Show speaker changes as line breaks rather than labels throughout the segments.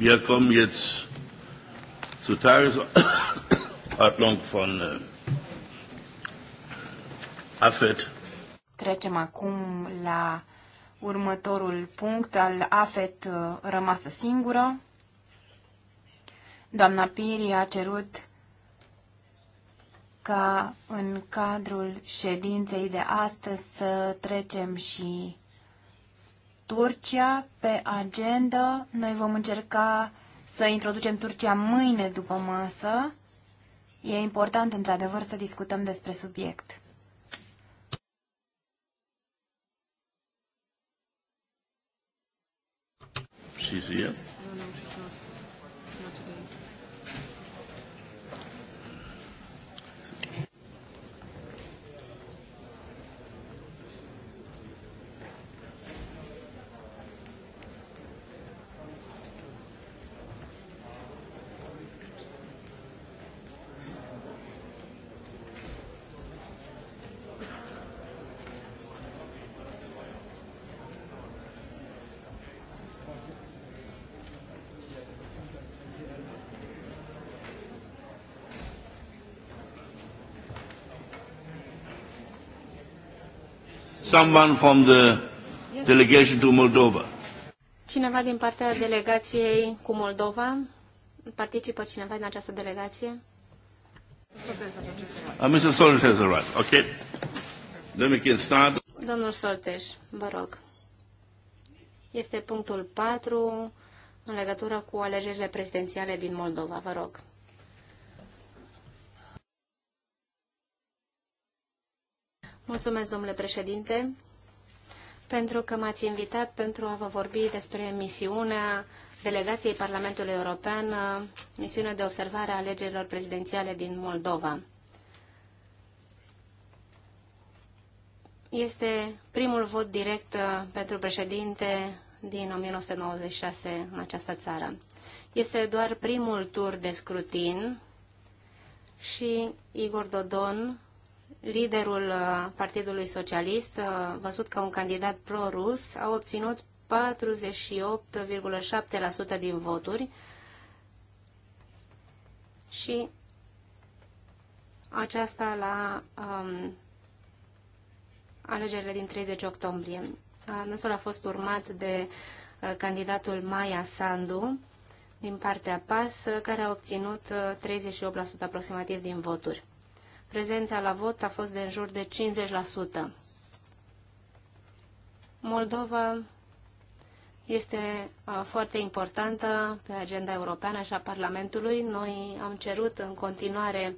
Wir kommen jetzt zur Tagesordnung von äh, AFET.
Trecem acum la următorul punct al AFET uh, rămasă singură. Doamna Piri a cerut ca în cadrul ședinței de astăzi să trecem și Turcia pe agenda. Noi vom încerca să introducem Turcia mâine după masă. E important, într-adevăr, să discutăm despre subiect.
Și Someone from the delegation to Moldova.
Cineva din partea delegației cu Moldova? Participă cineva din această delegație?
Uh, Mr. Soltes has arrived. Okay. Then we can start.
Domnul Soltes, vă rog. Este punctul 4 în legătură cu alegerile prezidențiale din Moldova. Vă rog. Mulțumesc, domnule președinte, pentru că m-ați invitat pentru a vă vorbi despre misiunea delegației Parlamentului European, misiunea de observare a alegerilor prezidențiale din Moldova. Este primul vot direct uh, pentru președinte din 1996 în această țară. Este doar primul tur de scrutin și Igor Dodon liderul uh, Partidului Socialist, uh, văzut ca un candidat pro-rus, a obținut 48,7% din voturi și aceasta la um, alegerile din 30 octombrie. Năsul a fost urmat de uh, candidatul Maia Sandu din partea PAS, care a obținut 38% aproximativ din voturi prezența la vot a fost de în jur de 50%. Moldova este foarte importantă pe agenda europeană și a Parlamentului. Noi am cerut în continuare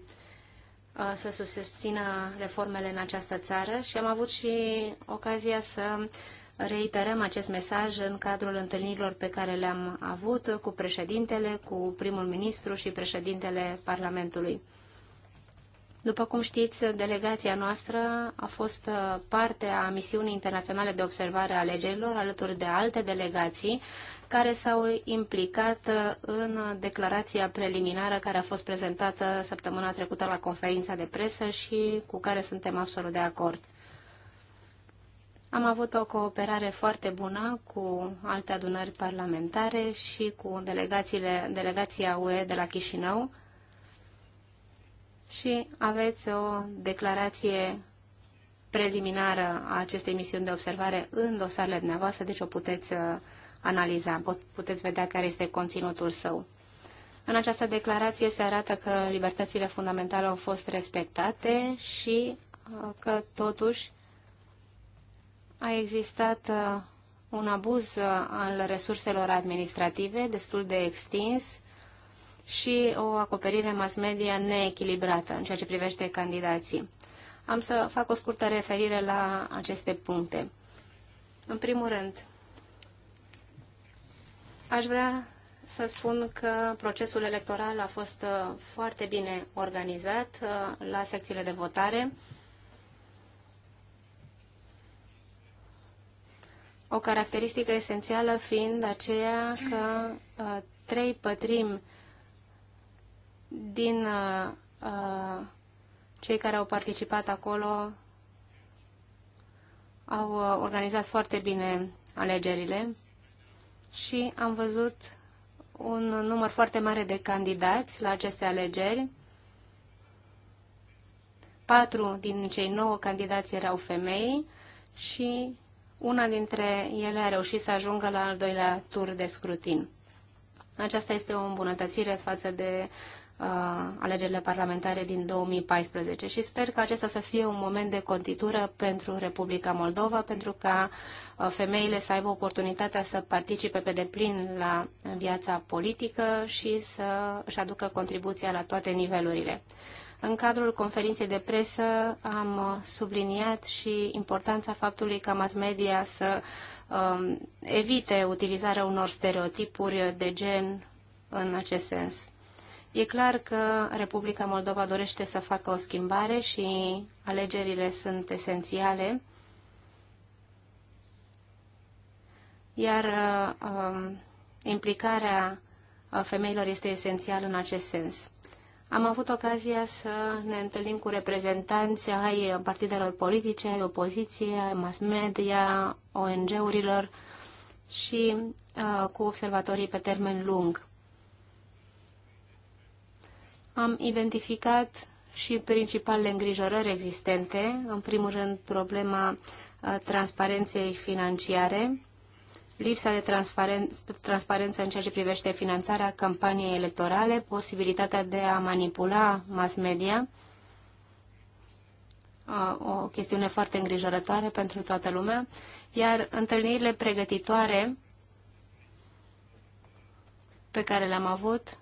să susțină reformele în această țară și am avut și ocazia să reiterăm acest mesaj în cadrul întâlnirilor pe care le-am avut cu președintele, cu primul ministru și președintele Parlamentului. După cum știți, delegația noastră a fost uh, parte a misiunii internaționale de observare a alegerilor alături de alte delegații care s-au implicat uh, în declarația preliminară care a fost prezentată săptămâna trecută la conferința de presă și cu care suntem absolut de acord. Am avut o cooperare foarte bună cu alte adunări parlamentare și cu delegațiile, delegația UE de la Chișinău, și aveți o declarație preliminară a acestei misiuni de observare în dosarele dumneavoastră, deci o puteți uh, analiza, puteți vedea care este conținutul său. În această declarație se arată că libertățile fundamentale au fost respectate și uh, că totuși a existat uh, un abuz al resurselor administrative destul de extins și o acoperire mass media neechilibrată în ceea ce privește candidații. Am să fac o scurtă referire la aceste puncte. În primul rând, aș vrea să spun că procesul electoral a fost uh, foarte bine organizat uh, la secțiile de votare. O caracteristică esențială fiind aceea că uh, trei pătrimi din uh, uh, cei care au participat acolo au uh, organizat foarte bine alegerile și am văzut un număr foarte mare de candidați la aceste alegeri. Patru din cei nouă candidați erau femei și una dintre ele a reușit să ajungă la al doilea tur de scrutin. Aceasta este o îmbunătățire față de Uh, alegerile parlamentare din 2014 și sper că acesta să fie un moment de contitură pentru Republica Moldova, pentru ca uh, femeile să aibă oportunitatea să participe pe deplin la viața politică și să își aducă contribuția la toate nivelurile. În cadrul conferinței de presă am uh, subliniat și importanța faptului ca mass media să um, evite utilizarea unor stereotipuri de gen în acest sens. E clar că Republica Moldova dorește să facă o schimbare și alegerile sunt esențiale. Iar um, uh, implicarea femeilor este esențială în acest sens. Am avut ocazia să ne întâlnim cu reprezentanți ai partidelor politice, ai opoziției, ai mass media, ONG-urilor și uh, cu observatorii pe termen lung am identificat și principalele îngrijorări existente, în primul rând problema uh, transparenței financiare, lipsa de transparență în ceea ce privește finanțarea campaniei electorale, posibilitatea de a manipula mass media, uh, o chestiune foarte îngrijorătoare pentru toată lumea, iar întâlnirile pregătitoare pe care le-am avut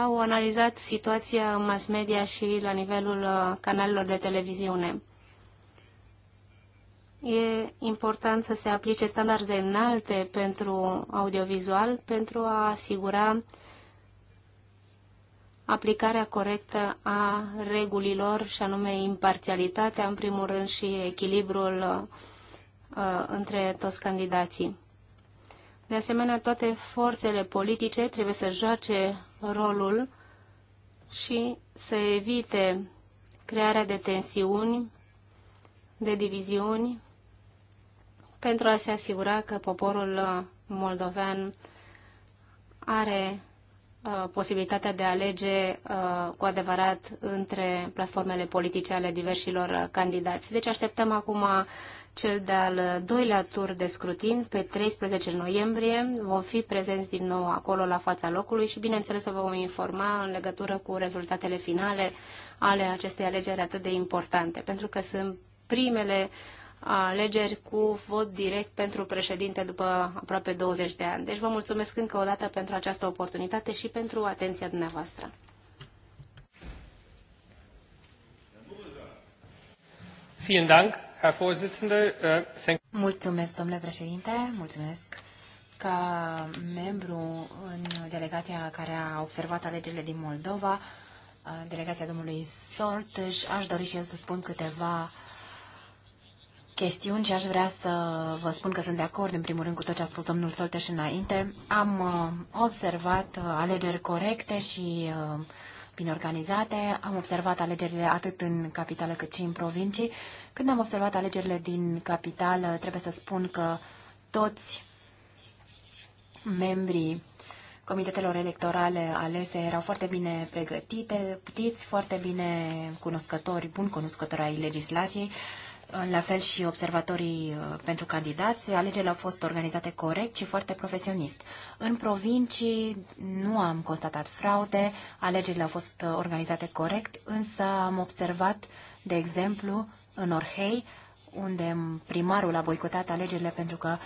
au analizat situația în mass media și la nivelul uh, canalelor de televiziune. E important să se aplice standarde înalte pentru audiovizual pentru a asigura aplicarea corectă a regulilor și anume imparțialitatea, în primul rând, și echilibrul uh, uh între toți candidații. De asemenea, toate forțele politice trebuie să joace rolul și să evite crearea de tensiuni, de diviziuni, pentru a se asigura că poporul uh, moldovean are uh, posibilitatea de a alege uh, cu adevărat între platformele politice ale diversilor uh, candidați. Deci așteptăm acum uh, cel de-al doilea tur de scrutin pe 13 noiembrie. Vom fi prezenți din nou acolo la fața locului și bineînțeles vă vom informa în legătură cu rezultatele finale ale acestei alegeri atât de importante, pentru că sunt primele alegeri cu vot direct pentru președinte după aproape 20 de ani. Deci vă mulțumesc încă o dată pentru această oportunitate și pentru atenția dumneavoastră.
Vielen Dank. Äh,
mulțumesc, domnule președinte, mulțumesc. Ca membru în delegația care a observat alegerile din Moldova, delegația domnului Sorteș, aș dori și eu să spun câteva chestiuni și aș vrea să vă spun că sunt de acord, în primul rând, cu tot ce a spus domnul Solteș înainte. Am observat alegeri corecte și uh, bine organizate. Am observat alegerile atât în capitală cât și în provincii. Când am observat alegerile din capitală, trebuie să spun că toți membrii comitetelor electorale alese erau foarte bine pregătite, putiți, foarte bine cunoscători, bun cunoscători ai legislației la fel și observatorii uh, pentru candidați, alegerile au fost organizate corect și foarte profesionist. În provincii nu am constatat fraude, alegerile au fost uh, organizate corect, însă am observat, de exemplu, în Orhei, unde primarul a boicotat alegerile pentru că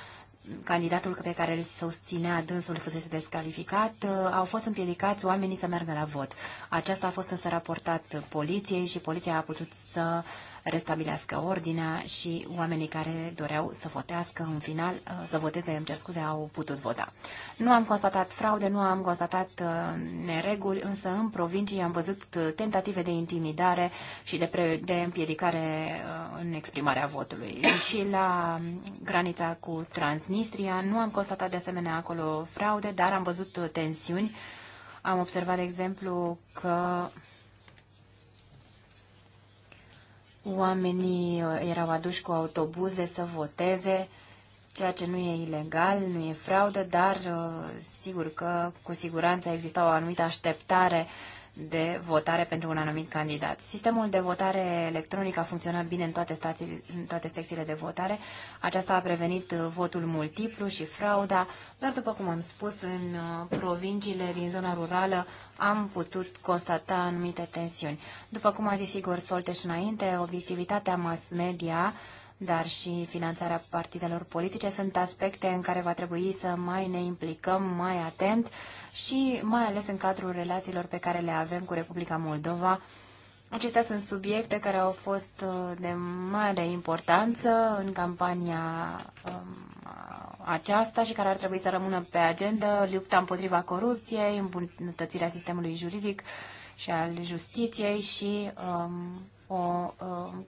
candidatul pe care îl susținea dânsul fusese descalificat, uh, au fost împiedicați oamenii să meargă la vot. Aceasta a fost însă raportat poliției și poliția a putut să uh, restabilească ordinea și oamenii care doreau să votească în final, uh, să voteze, îmi cer scuze, au putut vota. Nu am constatat fraude, nu am constatat uh, nereguli, însă în provincii am văzut uh, tentative de intimidare și de, pre, de împiedicare în exprimarea votului. Și la um, granița cu Transnistria nu am constatat de asemenea acolo fraude, dar am văzut tensiuni. Am observat, de exemplu, că Oamenii uh, erau aduși cu autobuze să voteze, ceea ce nu e ilegal, nu e fraudă, dar uh, sigur că cu siguranță exista o anumită așteptare de votare pentru un anumit candidat. Sistemul de votare electronic a funcționat bine în toate, stații, în toate secțiile de votare. Aceasta a prevenit uh, votul multiplu și frauda, dar după cum am spus, în uh, provinciile din zona rurală am putut constata anumite tensiuni. După cum a zis Igor Solteș înainte, obiectivitatea mass media dar și finanțarea partidelor politice sunt aspecte în care va trebui să mai ne implicăm mai atent și mai ales în cadrul relațiilor pe care le avem cu Republica Moldova. Acestea sunt subiecte care au fost uh, de mare importanță în campania um, aceasta și care ar trebui să rămână pe agenda, lupta împotriva corupției, îmbunătățirea sistemului juridic și al justiției și um, o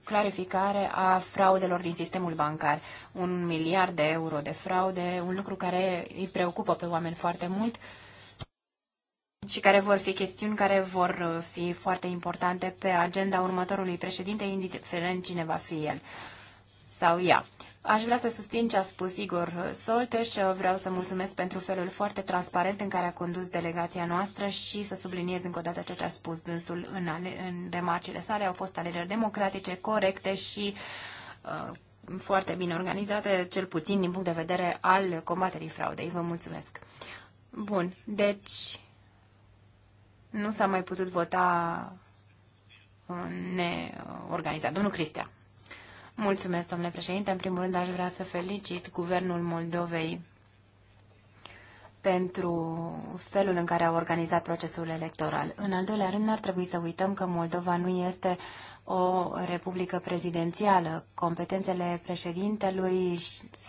clarificare a fraudelor din sistemul bancar. Un miliard de euro de fraude, un lucru care îi preocupă pe oameni foarte mult și care vor fi chestiuni care vor fi foarte importante pe agenda următorului președinte, indiferent cine va fi el sau ea. Aș vrea să susțin ce a spus Igor Solteș, vreau să mulțumesc pentru felul foarte transparent în care a condus delegația noastră și să subliniez încă o dată ceea ce a spus dânsul în, ale, în remarcile sale. Au fost alegeri democratice, corecte și uh, foarte bine organizate, cel puțin din punct de vedere al combaterii fraudei. Vă mulțumesc. Bun, deci nu s-a mai putut vota uh, neorganizat. Domnul Cristian. Mulțumesc, domnule președinte. În primul rând, aș vrea să felicit Guvernul Moldovei pentru felul în care au organizat procesul electoral. În al doilea rând, ar trebui să uităm că Moldova nu este o republică prezidențială. Competențele președintelui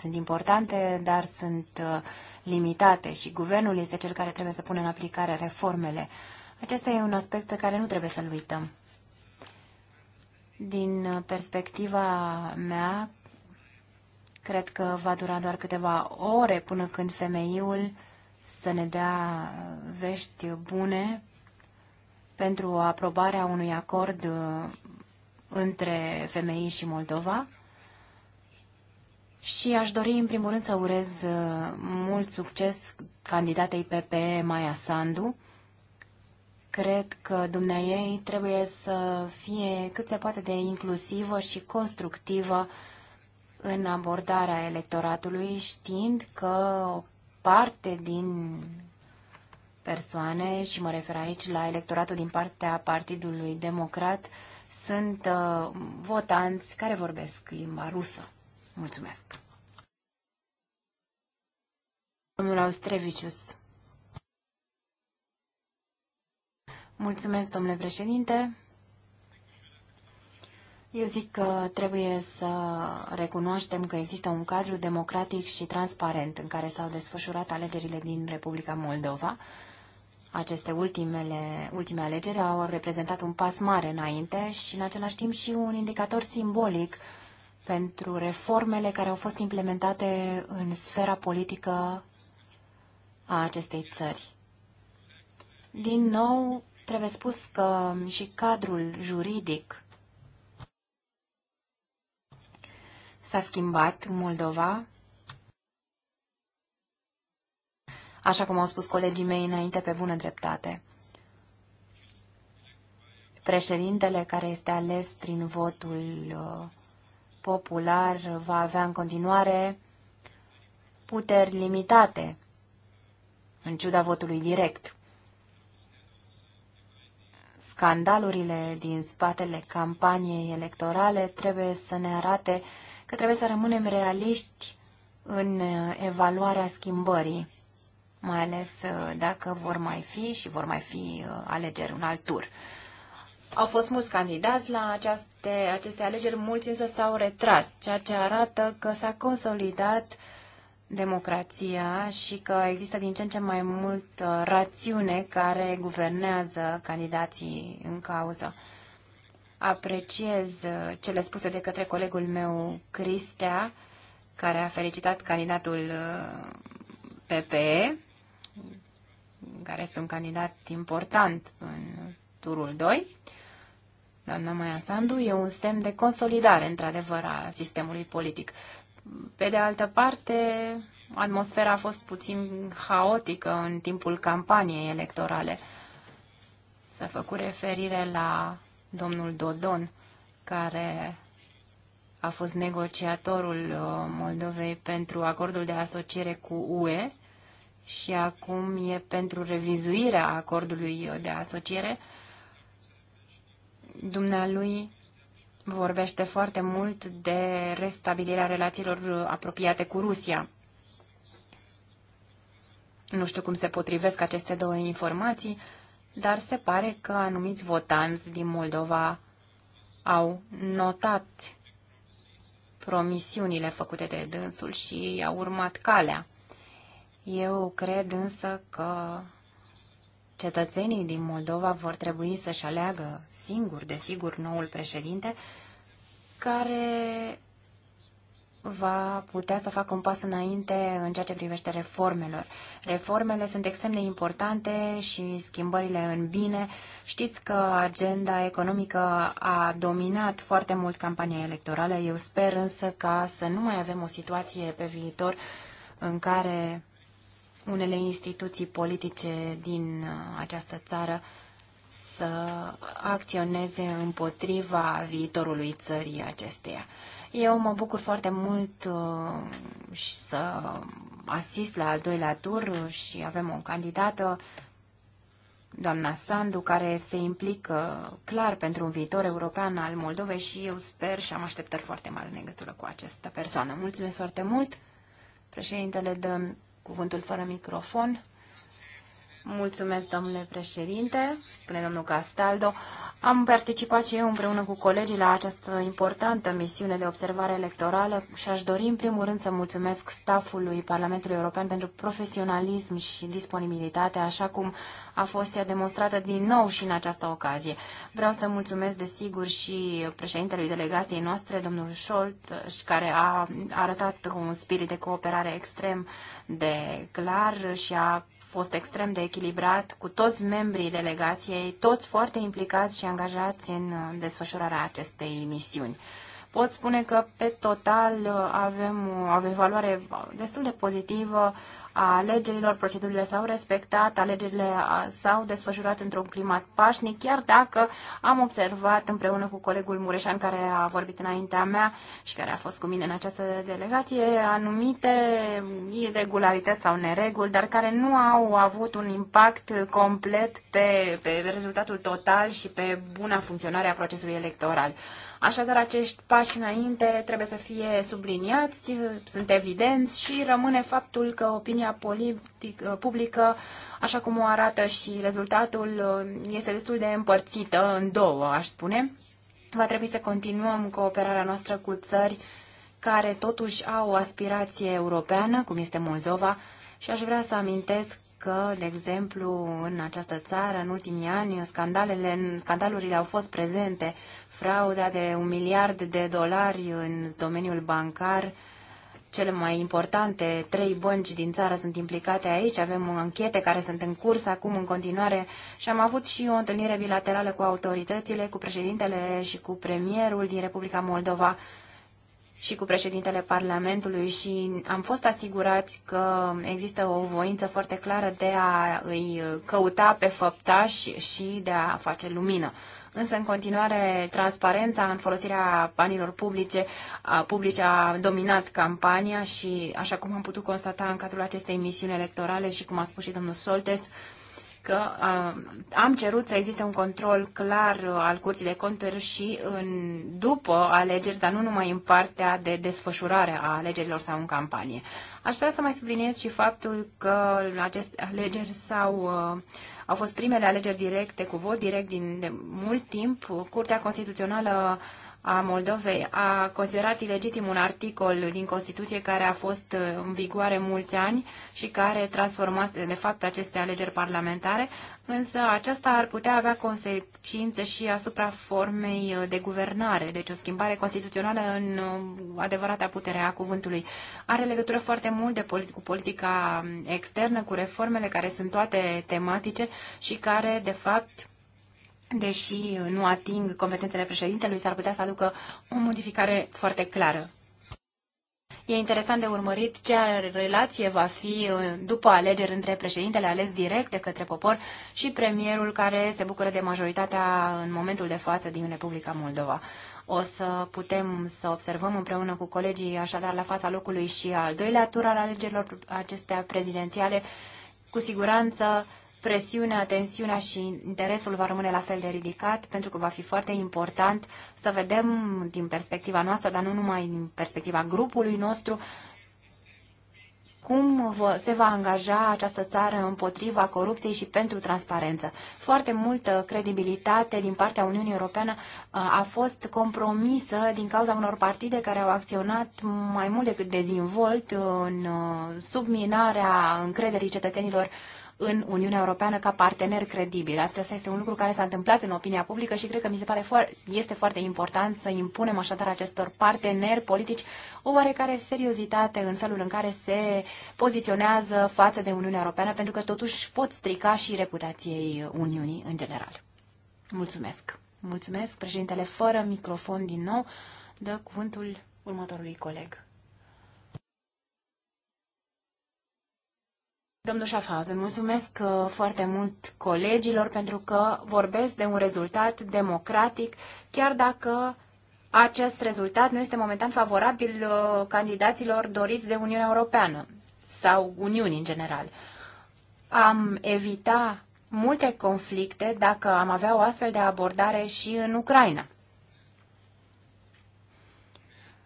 sunt importante, dar sunt uh, limitate și guvernul este cel care trebuie să pună în aplicare reformele. Acesta e un aspect pe care nu trebuie să-l uităm. Din uh, perspectiva mea, cred că va dura doar câteva ore până când femeiul să ne dea uh, vești bune pentru aprobarea unui acord uh, între femei și Moldova. Și aș dori, în primul rând, să urez mult succes candidatei PPE Maia Sandu Cred că dumneai trebuie să fie cât se poate de inclusivă și constructivă în abordarea electoratului, știind că o parte din persoane, și mă refer aici la electoratul din partea Partidului Democrat, sunt uh, votanți care vorbesc limba rusă. Mulțumesc. Domnul Austrevicius. Mulțumesc, domnule președinte. Eu zic că trebuie să recunoaștem că există un cadru democratic și transparent în care s-au desfășurat alegerile din Republica Moldova. Aceste ultimele, ultime alegeri au reprezentat un pas mare înainte și în același timp și un indicator simbolic pentru reformele care au fost implementate în sfera politică a acestei țări. Din nou, Trebuie spus că și cadrul juridic s-a schimbat în Moldova. Așa cum au spus colegii mei înainte pe bună dreptate. Președintele care este ales prin votul uh, popular va avea în continuare puteri limitate, în ciuda votului direct scandalurile din spatele campaniei electorale trebuie să ne arate că trebuie să rămânem realiști în uh, evaluarea schimbării, mai ales uh, dacă vor mai fi și vor mai fi uh, alegeri un alt tur. Au fost mulți candidați la aceste, aceste alegeri, mulți însă s-au retras, ceea ce arată că s-a consolidat uh, democrația și că există din ce în ce mai mult uh, rațiune care guvernează candidații în cauză. Apreciez uh, cele spuse de către colegul meu, Cristea, care a felicitat candidatul uh, PPE, care este un candidat important în turul 2. Doamna Maia Sandu e un semn de consolidare, într-adevăr, a sistemului politic. Pe de altă parte, atmosfera a fost puțin haotică în timpul campaniei electorale. S-a făcut referire la domnul Dodon, care a fost negociatorul uh, Moldovei pentru acordul de asociere cu UE și acum e pentru revizuirea acordului uh, de asociere. Dumnealui vorbește foarte mult de restabilirea relațiilor apropiate cu Rusia. Nu știu cum se potrivesc aceste două informații, dar se pare că anumiți votanți din Moldova au notat promisiunile făcute de dânsul și au urmat calea. Eu cred însă că cetățenii din Moldova vor trebui să-și aleagă singur, desigur, noul președinte, care va putea să facă un pas înainte în ceea ce privește reformelor. Reformele sunt extrem de importante și schimbările în bine. Știți că agenda economică a dominat foarte mult campania electorală. Eu sper însă ca să nu mai avem o situație pe viitor în care unele instituții politice din uh, această țară să acționeze împotriva viitorului țării acesteia. Eu mă bucur foarte mult uh, și să asist la al doilea tur și avem o candidată, doamna Sandu, care se implică clar pentru un viitor european al Moldovei și eu sper și am așteptări foarte mari în legătură cu această persoană. Mulțumesc foarte mult! Președintele dă cuvântul fără microfon. Mulțumesc, domnule președinte, spune domnul Castaldo. Am participat și eu împreună cu colegii la această importantă misiune de observare electorală și aș dori în primul rând să mulțumesc staffului Parlamentului European pentru profesionalism și disponibilitate, așa cum a fost ea demonstrată din nou și în această ocazie. Vreau să mulțumesc desigur și președintelui delegației noastre, domnul Scholt, care a arătat un spirit de cooperare extrem de clar și a fost extrem de echilibrat cu toți membrii delegației, toți foarte implicați și angajați în uh, desfășurarea acestei misiuni pot spune că pe total avem, avem valoare destul de pozitivă a alegerilor, procedurile s-au respectat, alegerile s-au desfășurat într-un climat pașnic, chiar dacă am observat împreună cu colegul Mureșan care a vorbit înaintea mea și care a fost cu mine în această delegație anumite irregularități sau nereguli, dar care nu au avut un impact complet pe, pe rezultatul total și pe buna funcționare a procesului electoral. Așadar, acești pași înainte trebuie să fie subliniați, sunt evidenți și rămâne faptul că opinia politic, publică, așa cum o arată și rezultatul, este destul de împărțită în două, aș spune. Va trebui să continuăm cooperarea noastră cu țări care totuși au o aspirație europeană, cum este Moldova, și aș vrea să amintesc că, de exemplu, în această țară, în ultimii ani, scandalele, scandalurile au fost prezente, frauda de un miliard de dolari în domeniul bancar, cele mai importante trei bănci din țară sunt implicate aici, avem închete care sunt în curs acum în continuare și am avut și o întâlnire bilaterală cu autoritățile, cu președintele și cu premierul din Republica Moldova și cu președintele Parlamentului și am fost asigurați că există o voință foarte clară de a îi căuta pe făptași și de a face lumină. Însă, în continuare, transparența în folosirea banilor publice, a, publice a dominat campania și, așa cum am putut constata în cadrul acestei misiuni electorale și cum a spus și domnul Soltes, că uh, am cerut să existe un control clar uh, al Curții de Conturi și în, după alegeri, dar nu numai în partea de desfășurare a alegerilor sau în campanie. Aș vrea să mai subliniez și faptul că aceste alegeri sau uh, au fost primele alegeri directe cu vot direct din de mult timp. Curtea Constituțională uh, a Moldovei a considerat ilegitim un articol din Constituție care a fost uh, în vigoare mulți ani și care transformase de fapt aceste alegeri parlamentare, însă aceasta ar putea avea consecințe și asupra formei uh, de guvernare, deci o schimbare constituțională în uh, adevărata putere a cuvântului. Are legătură foarte mult de polit- cu politica um, externă, cu reformele care sunt toate tematice și care, de fapt, deși nu ating competențele președintelui, s-ar putea să aducă o modificare foarte clară. E interesant de urmărit ce relație va fi uh, după alegeri între președintele ales direct de către popor și premierul care se bucură de majoritatea în momentul de față din Republica Moldova. O să putem să observăm împreună cu colegii așadar la fața locului și al doilea tur al alegerilor acestea prezidențiale. Cu siguranță presiunea, tensiunea și interesul va rămâne la fel de ridicat, pentru că va fi foarte important să vedem din perspectiva noastră, dar nu numai din perspectiva grupului nostru, cum se va angaja această țară împotriva corupției și pentru transparență. Foarte multă credibilitate din partea Uniunii Europeană uh, a fost compromisă din cauza unor partide care au acționat mai mult decât dezinvolt uh, în uh, subminarea încrederii cetățenilor în Uniunea Europeană ca partener credibil. Asta este un lucru care s-a întâmplat în opinia publică și cred că mi se pare foarte, este foarte important să impunem așadar acestor parteneri politici o oarecare seriozitate în felul în care se poziționează față de Uniunea Europeană, pentru că totuși pot strica și reputației Uniunii în general. Mulțumesc. Mulțumesc, președintele, fără microfon din nou, dă cuvântul următorului coleg. Domnul Schaffhauser, mulțumesc uh, foarte mult colegilor pentru că vorbesc de un rezultat democratic, chiar dacă acest rezultat nu este momentan favorabil uh, candidaților doriți de Uniunea Europeană sau Uniunii în general. Am evita multe conflicte dacă am avea o astfel de abordare și în Ucraina.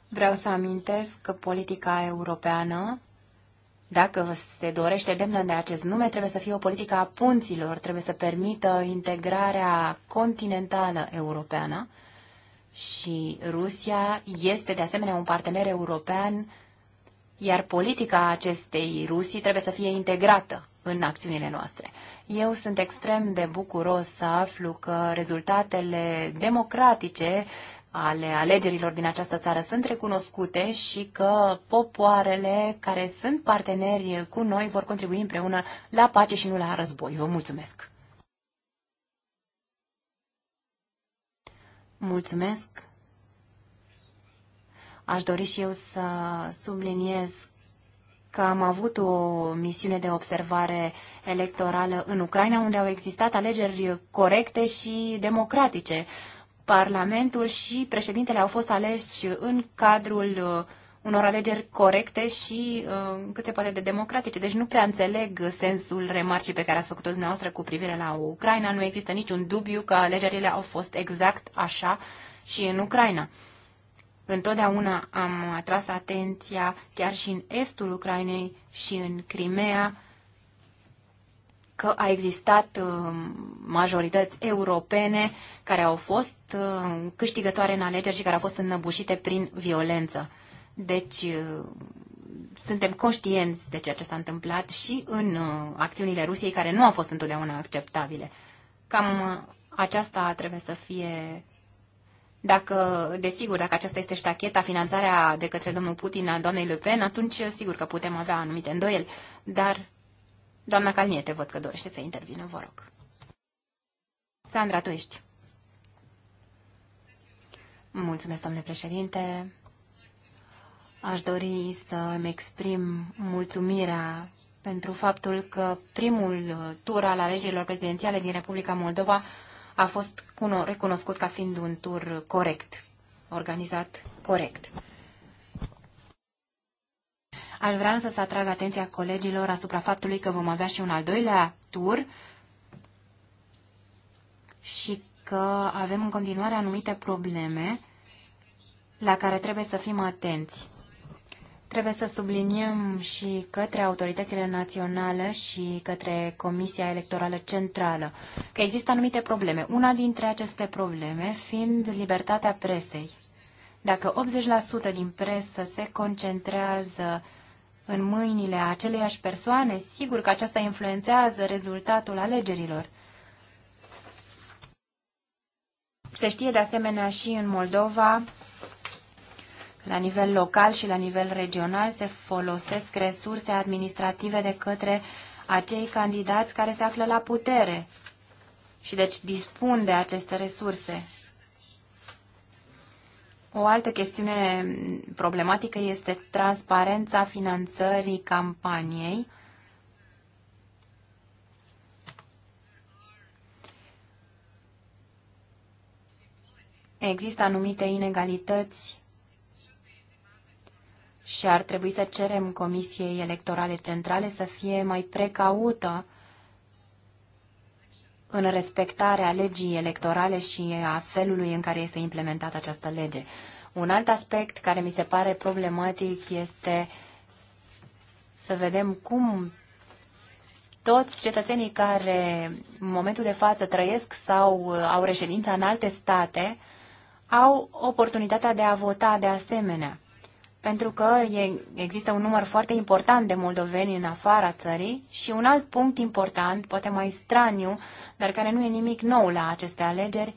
Vreau să amintesc că politica europeană dacă se dorește demnă de acest nume, trebuie să fie o politică a punților, trebuie să permită integrarea continentală europeană și Rusia este de asemenea un partener european, iar politica acestei Rusii trebuie să fie integrată în acțiunile noastre. Eu sunt extrem de bucuros să aflu că rezultatele democratice ale alegerilor din această țară sunt recunoscute și că popoarele care sunt parteneri cu noi vor contribui împreună la pace și nu la război. Vă mulțumesc! Mulțumesc! Aș dori și eu să subliniez că am avut o misiune de observare electorală în Ucraina, unde au existat alegeri corecte și democratice Parlamentul și președintele au fost aleși în cadrul uh, unor alegeri corecte și uh, cât se poate de democratice. Deci nu prea înțeleg sensul remarcii pe care ați făcut-o dumneavoastră cu privire la Ucraina. Nu există niciun dubiu că alegerile au fost exact așa și în Ucraina. Întotdeauna am atras atenția chiar și în estul Ucrainei și în Crimea că a existat um, majorități europene care au fost um, câștigătoare în alegeri și care au fost înnăbușite prin violență. Deci uh, suntem conștienți de ceea ce s-a întâmplat și în uh, acțiunile Rusiei care nu au fost întotdeauna acceptabile.
Cam uh,
aceasta trebuie să fie dacă, desigur, dacă aceasta este ștacheta, finanțarea de către domnul Putin a doamnei Le Pen, atunci sigur că putem avea anumite îndoieli, dar Doamna Calmiete, văd că dorește să intervină, vă rog. Sandra, tu ești. Mulțumesc, domnule președinte. Aș dori să-mi exprim mulțumirea pentru faptul că primul tur al alegerilor prezidențiale din Republica Moldova a fost recunoscut ca fiind un tur corect, organizat corect. Aș vrea însă să atrag atenția colegilor asupra faptului că vom avea și un al doilea tur și că avem în continuare anumite probleme la care trebuie să fim atenți. Trebuie să subliniem și către autoritățile naționale și către Comisia Electorală Centrală că există anumite probleme. Una dintre aceste probleme fiind libertatea presei. Dacă 80% din presă se concentrează în mâinile aceleiași persoane, sigur că aceasta influențează rezultatul alegerilor. Se știe de asemenea și în Moldova, la nivel local și la nivel regional, se folosesc resurse administrative de către acei candidați care se află la putere și deci dispun de aceste resurse. O altă chestiune problematică este transparența finanțării campaniei. Există anumite inegalități și ar trebui să cerem Comisiei Electorale Centrale să fie mai precaută în respectarea legii electorale și a felului în care este implementată această lege. Un alt aspect care mi se pare problematic este să vedem cum toți cetățenii care în momentul de față trăiesc sau uh, au reședința în alte state au oportunitatea de a vota de asemenea pentru că există un număr foarte important de moldoveni în afara țării și un alt punct important, poate mai straniu, dar care nu e nimic nou la aceste alegeri,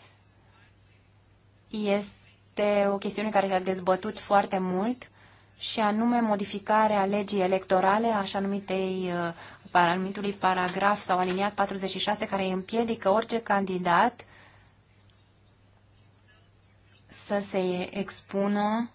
este o chestiune care s-a dezbătut foarte mult și anume modificarea legii electorale, așa numitei, uh, numitului paragraf sau aliniat 46, care îi împiedică orice candidat să se expună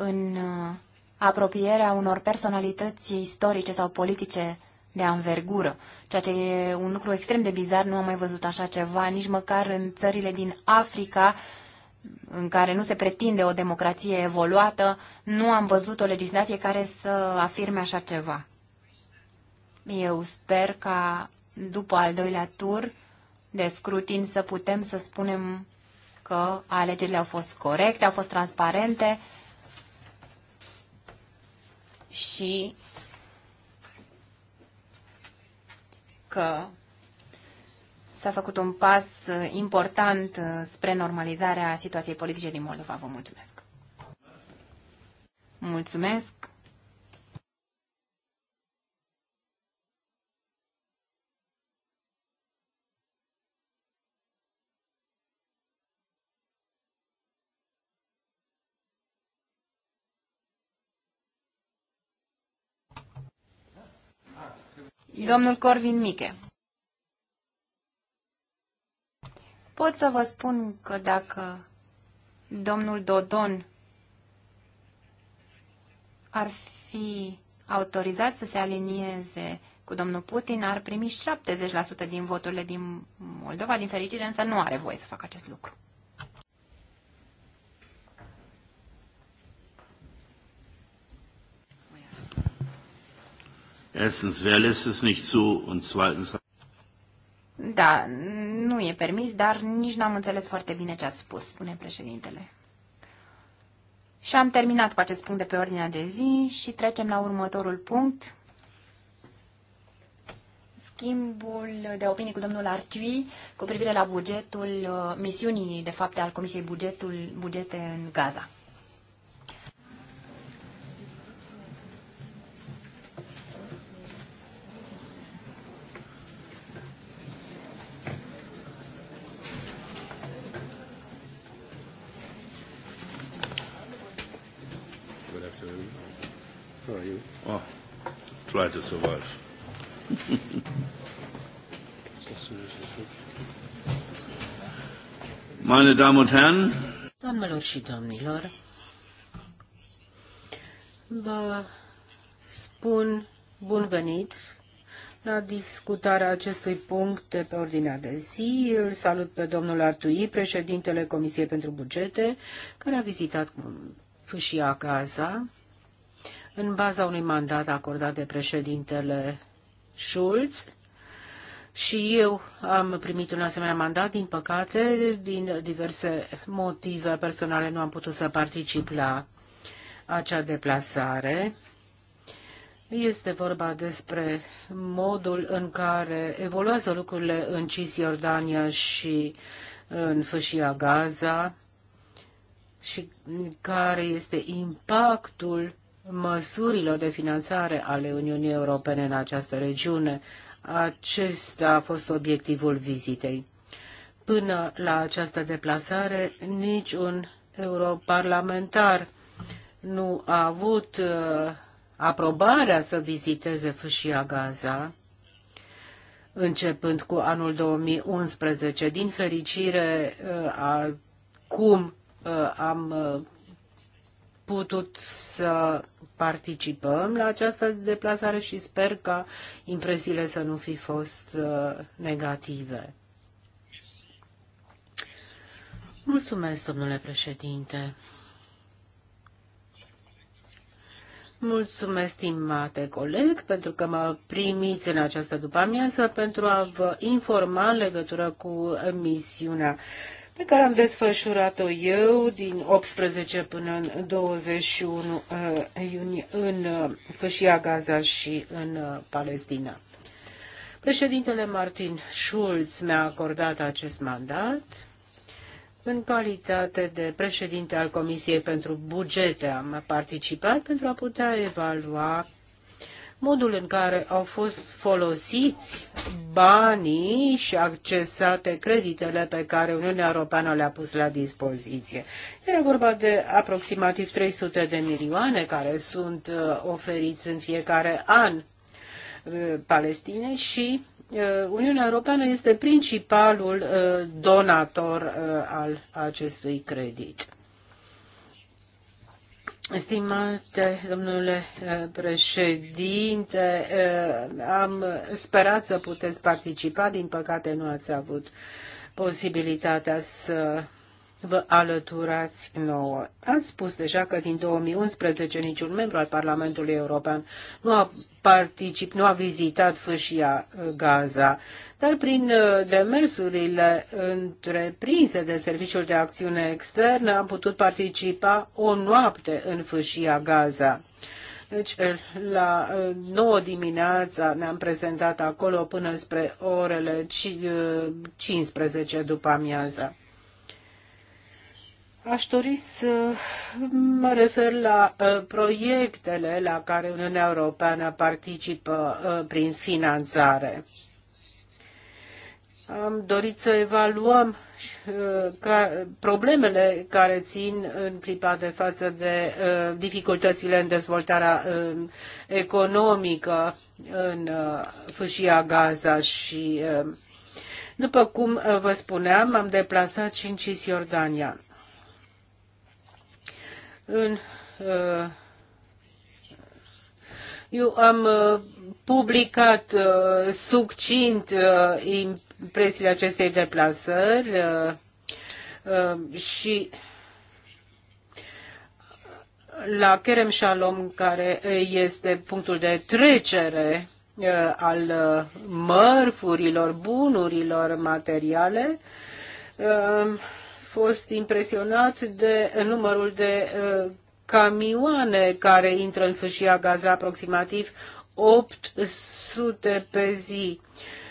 în uh, apropierea unor personalități istorice sau politice de anvergură, ceea ce e un lucru extrem de bizar, nu am mai văzut așa ceva, nici măcar în țările din Africa, în care nu se pretinde o democrație evoluată, nu am văzut o legislație care să afirme așa ceva. Eu sper ca după al doilea tur de scrutin să putem să spunem că alegerile au fost corecte, au fost transparente și că s-a făcut un pas important uh, spre normalizarea situației politice din Moldova. Vă mulțumesc! Mulțumesc!
Domnul Corvin
Miche. Pot să vă spun că dacă domnul Dodon ar fi autorizat să se alinieze cu domnul Putin, ar primi 70% din voturile din Moldova. Din fericire, însă nu are voie să facă acest lucru.
Erstens, wer lässt es nicht zu? Und zweitens...
Da, nu e permis, dar nici n-am înțeles foarte bine ce ați spus, spune președintele. Și am terminat cu acest punct de pe ordinea de zi și trecem la următorul punct. Schimbul de opinii cu domnul Artui cu privire la bugetul, uh, misiunii, de fapt, al Comisiei Bugetul, Bugete în Gaza.
Oh, try to survive. Meine Damen und Herren, Doamnelor și domnilor, vă spun bun venit la discutarea acestui punct de pe ordinea de zi. Îl salut pe domnul Artui, președintele Comisiei pentru Bugete, care a vizitat și casa în baza unui mandat acordat de președintele Schulz. Și eu am primit un asemenea mandat, din păcate, din diverse motive personale nu am putut să particip la acea deplasare. Este vorba despre modul în care evoluează lucrurile în Cisjordania și în fâșia Gaza și care este impactul măsurilor de finanțare ale Uniunii Europene în această regiune. Acesta a fost obiectivul vizitei. Până la această deplasare, niciun europarlamentar nu a avut uh, aprobarea să viziteze fâșia Gaza, începând cu anul 2011. Din fericire, uh, acum uh, am uh, putut să participăm la această deplasare și sper ca impresiile să nu fi fost uh, negative. Mulțumesc, domnule președinte. Mulțumesc, stimate coleg, pentru că mă primiți în această după-amiază pentru a vă informa în legătură cu misiunea pe care am desfășurat-o eu din 18 până în 21 eh, iunie în eh, Fâșia Gaza și în eh, Palestina. Președintele Martin Schulz mi-a acordat acest mandat în calitate de președinte al Comisiei pentru Bugete. Am participat pentru a putea evalua modul în care au fost folosiți banii și accesate creditele pe care Uniunea Europeană le-a pus la dispoziție. Era vorba de aproximativ 300 de milioane care sunt uh, oferiți în fiecare an uh, Palestinei și uh, Uniunea Europeană este principalul donator al acestui credit. Stimate domnule eh, președinte, eh, am sperat să puteți participa, din păcate nu ați avut posibilitatea să vă alăturați nouă. Ați spus deja că din 2011 niciun membru al Parlamentului European nu a particip, nu a vizitat fâșia uh, Gaza, dar prin uh, demersurile întreprinse de Serviciul de Acțiune Externă am putut participa o noapte în fâșia Gaza. Deci, uh, la 9 dimineața ne-am prezentat acolo până spre orele 15 după amiază. Aș dori să mă refer la uh, proiectele la care Uniunea Europeană participă uh, prin finanțare. Am dorit să evaluăm uh, ca problemele care țin în clipa de față de dificultățile în dezvoltarea economică în fâșia Gaza și după cum vă spuneam, am deplasat și în Cisjordania în uh, eu am uh, publicat uh, succint impresiile acestei deplasări și la Kerem Shalom, care este punctul de trecere al mărfurilor, bunurilor materiale, fost impresionat de numărul de uh, camioane care intră în fâșia Gaza, aproximativ 800 pe zi. Uh,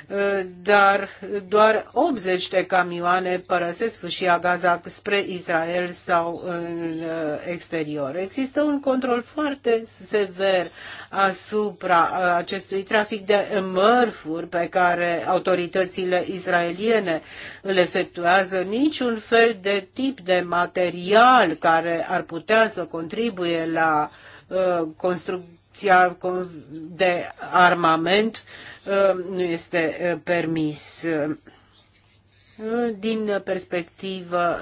dar doar 80 de camioane părăsesc fâșia Gaza spre Israel sau în uh, exterior. Există un control foarte sever asupra uh, acestui trafic de mărfuri pe care autoritățile israeliene îl efectuează, niciun fel de tip de material care ar putea să contribuie la uh, construcția producția de armament uh, nu este uh, permis. Uh, din perspectivă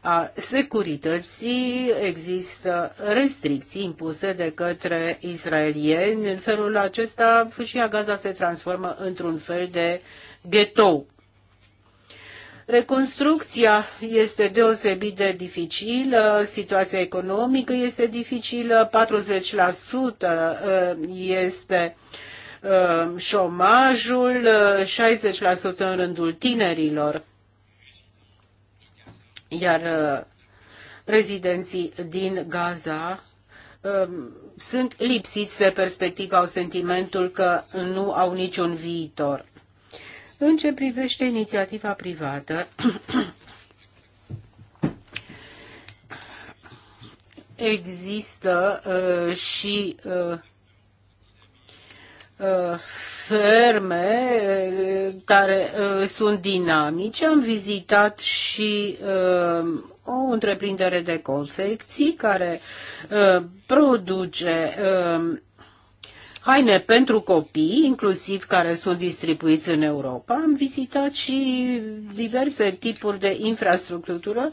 a securității există restricții impuse de către israelieni. În felul acesta, fâșia Gaza se transformă într-un fel de ghetou Reconstrucția este deosebit de dificilă, situația economică este dificilă, 40% uh, este uh, șomajul, 60% uh, în rândul tinerilor. Iar rezidenții din Gaza um, sunt lipsiți de perspectiva, au sentimentul că nu au niciun viitor. În ce privește inițiativa privată, există uh, și uh, uh ferme uh, care uh, sunt dinamice. Am vizitat și o întreprindere de confecții care produce haine pentru copii, inclusiv care sunt distribuiți în Europa. Am vizitat și diverse tipuri de infrastructură,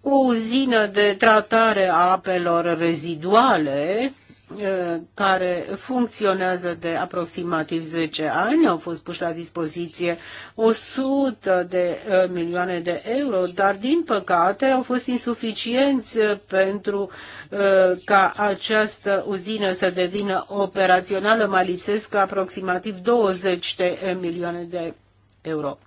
o uzină de tratare a apelor reziduale Eh, care funcționează de aproximativ 10 ani. Au fost puși la dispoziție 100 de eh, milioane de euro, dar din păcate au fost insuficienți eh, pentru ca această uzină să devină operațională. Mai lipsesc aproximativ 20 de milioane de euro.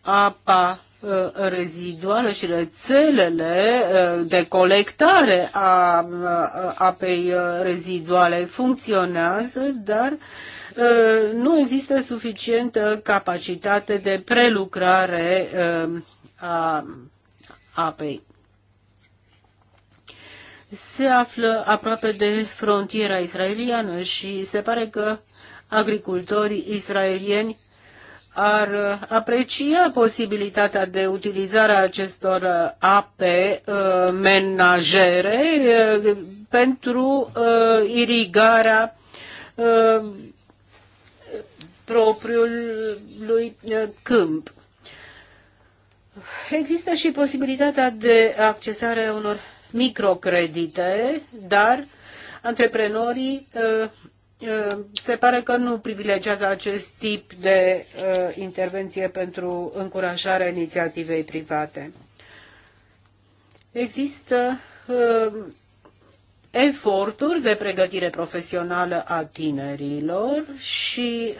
Apa Uh, reziduale și rețelele uh, de colectare a uh, apei reziduale funcționează, dar nu există suficientă capacitate de prelucrare a apei. Se află aproape de frontiera israeliană și se pare că agricultorii israelieni ar aprecia posibilitatea de utilizare a acestor ape uh, menajere uh, pentru uh, irigarea propriului câmp. Există și posibilitatea de accesare unor microcredite, dar antreprenorii se pare că nu privilegiază acest tip de intervenție pentru încurajarea inițiativei private. Există eforturi de pregătire profesională a tinerilor și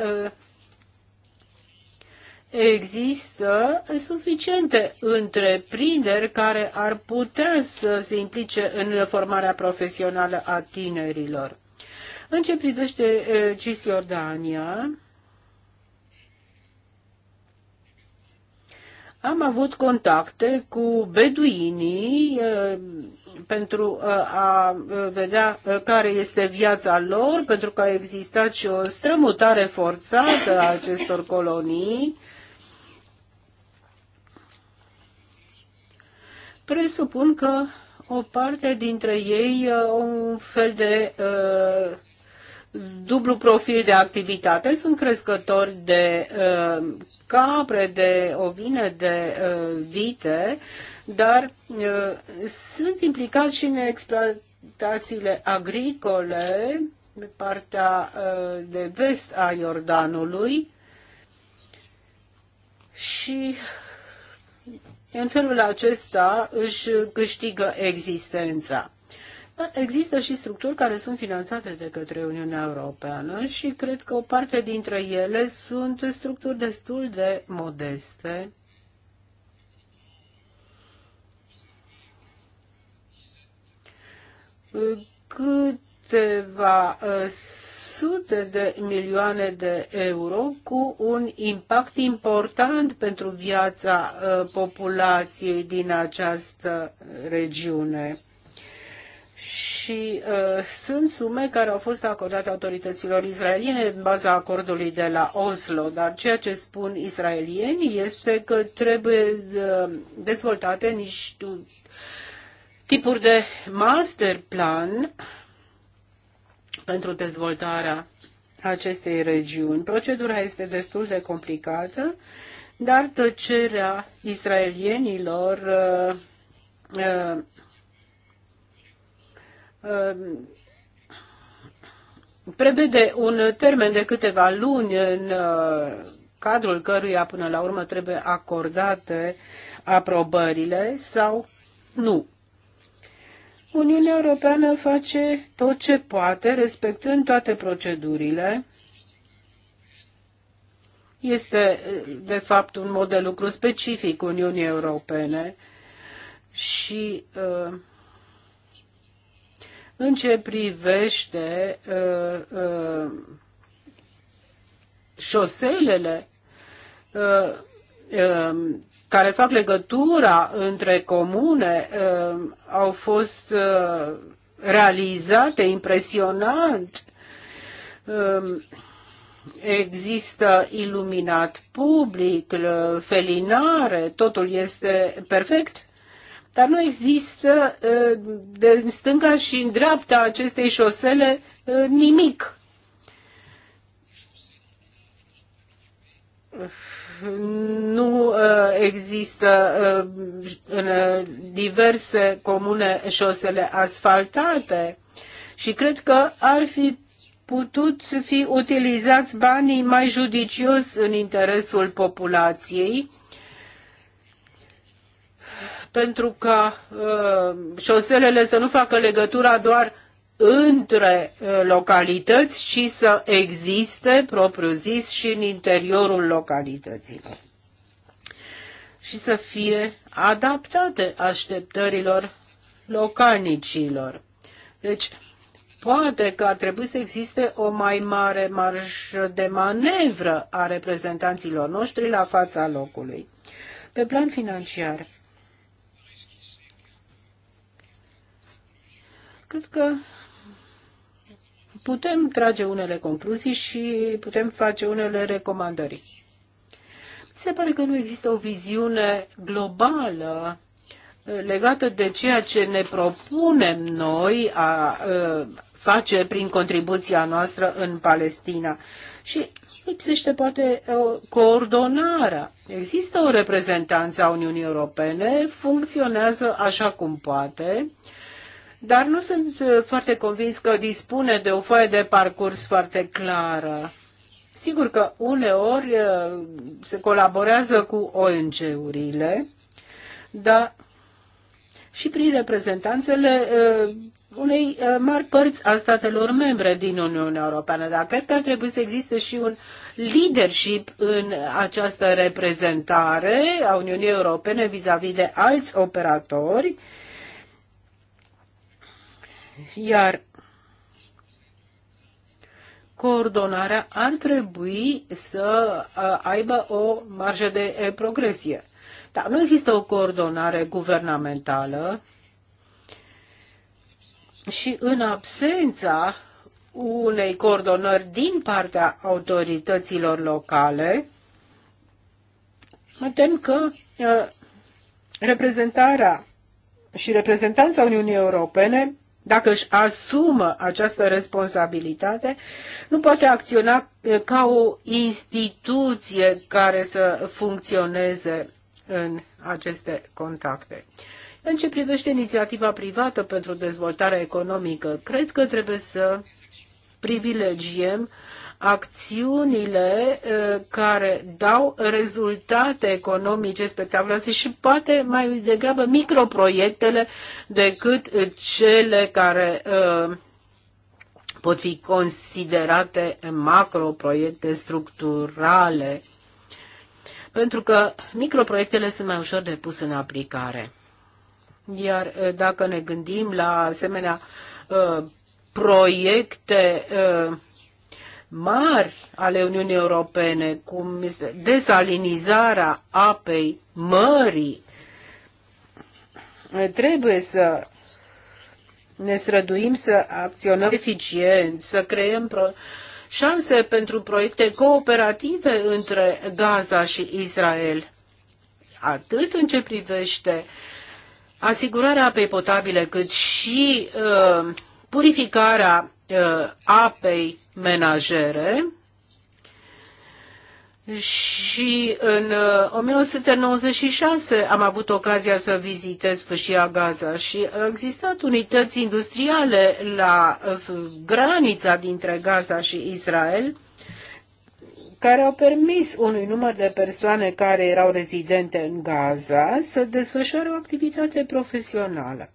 există suficiente întreprinderi care ar putea să se implice în formarea profesională a tinerilor. În ce privește Cisjordania, am avut contacte cu beduinii pentru a vedea care este viața lor, pentru că a existat și o strămutare forțată a acestor colonii. Presupun că o parte dintre ei un fel de uh, dublu profil de activitate. Sunt crescători de uh, capre, de ovine, de uh, vite, dar uh, sunt implicați și în exploatațiile agricole pe partea uh, de vest a Iordanului și în felul acesta își câștigă existența există și structuri care sunt finanțate de către Uniunea Europeană și cred că o parte dintre ele sunt structuri destul de modeste. Câteva uh, sute de milioane de euro cu un impact important pentru viața uh, populației din această regiune și uh, sunt sume care au fost acordate autorităților israeliene în baza acordului de la Oslo, dar ceea ce spun israelieni este că trebuie uh, dezvoltate niște tipuri de master plan pentru dezvoltarea acestei regiuni. Procedura este destul de complicată, dar tăcerea israelienilor uh, uh, Ehm, prevede un termen de câteva luni în uh, cadrul căruia până la urmă trebuie acordate aprobările sau nu. Uniunea Europeană face tot ce poate, respectând toate procedurile. Este, de fapt, un mod de lucru specific Uniunii Europene și uh, în ce privește uh, uh, șoselele uh, uh, care fac legătura între comune, uh, au fost uh, realizate impresionant. Um, există iluminat public, uh, felinare, totul este perfect dar nu există ă, de stânga și în dreapta acestei șosele ă, nimic. nu ă, există în diverse comune șosele asfaltate și cred că ar fi putut fi utilizați banii mai judicios în interesul populației pentru ca uh, șoselele să nu facă legătura doar între uh, localități, ci să existe propriu zis și în interiorul localităților și să fie adaptate așteptărilor localnicilor. Deci, poate că ar trebui să existe o mai mare marjă de manevră a reprezentanților noștri la fața locului. Pe plan financiar, Cred că putem trage unele concluzii și putem face unele recomandări. Se pare că nu există o viziune globală eh, legată de ceea ce ne propunem noi a, a eh, face prin contribuția noastră în Palestina. Și lipsește poate eh, coordonarea. Există o reprezentanță a Uniunii Europene, funcționează așa cum poate, dar nu sunt uh, foarte convins că dispune de o foaie de parcurs foarte clară. Sigur că uneori uh, se colaborează cu ONG-urile, dar și prin reprezentanțele uh, unei mari părți a statelor membre din Uniunea Europeană. Dar cred că ar trebui să existe și un leadership în această reprezentare a Uniunii Europene vis-a-vis -vis de alți operatori iar coordonarea ar trebui să aibă o marjă de progresie. Dar nu există o coordonare guvernamentală și în absența unei coordonări din partea autorităților locale, mă tem că reprezentarea și reprezentanța Uniunii Europene dacă își asumă această responsabilitate, nu poate acționa eh, ca o instituție care să funcționeze în aceste contacte. În ce privește inițiativa privată pentru dezvoltarea economică, cred că trebuie să privilegiem acțiunile care dau rezultate economice spectaculoase și poate mai degrabă microproiectele decât cele care pot fi considerate macroproiecte structurale, pentru că microproiectele sunt mai ușor de pus în aplicare. Iar dacă ne gândim la asemenea proiecte mari ale Uniunii Europene, cum dezalinizarea desalinizarea apei mării, trebuie să ne străduim să acționăm eficient, să creăm pro- șanse pentru proiecte cooperative între Gaza și Israel, atât în ce privește asigurarea apei potabile, cât și uh, purificarea uh, apei menajere și în 1996 uh, am avut ocazia să vizitez Fâșia Gaza și au existat unități industriale la uh, granița dintre Gaza și Israel care au permis unui număr de persoane care erau rezidente în Gaza să desfășoare o activitate profesională.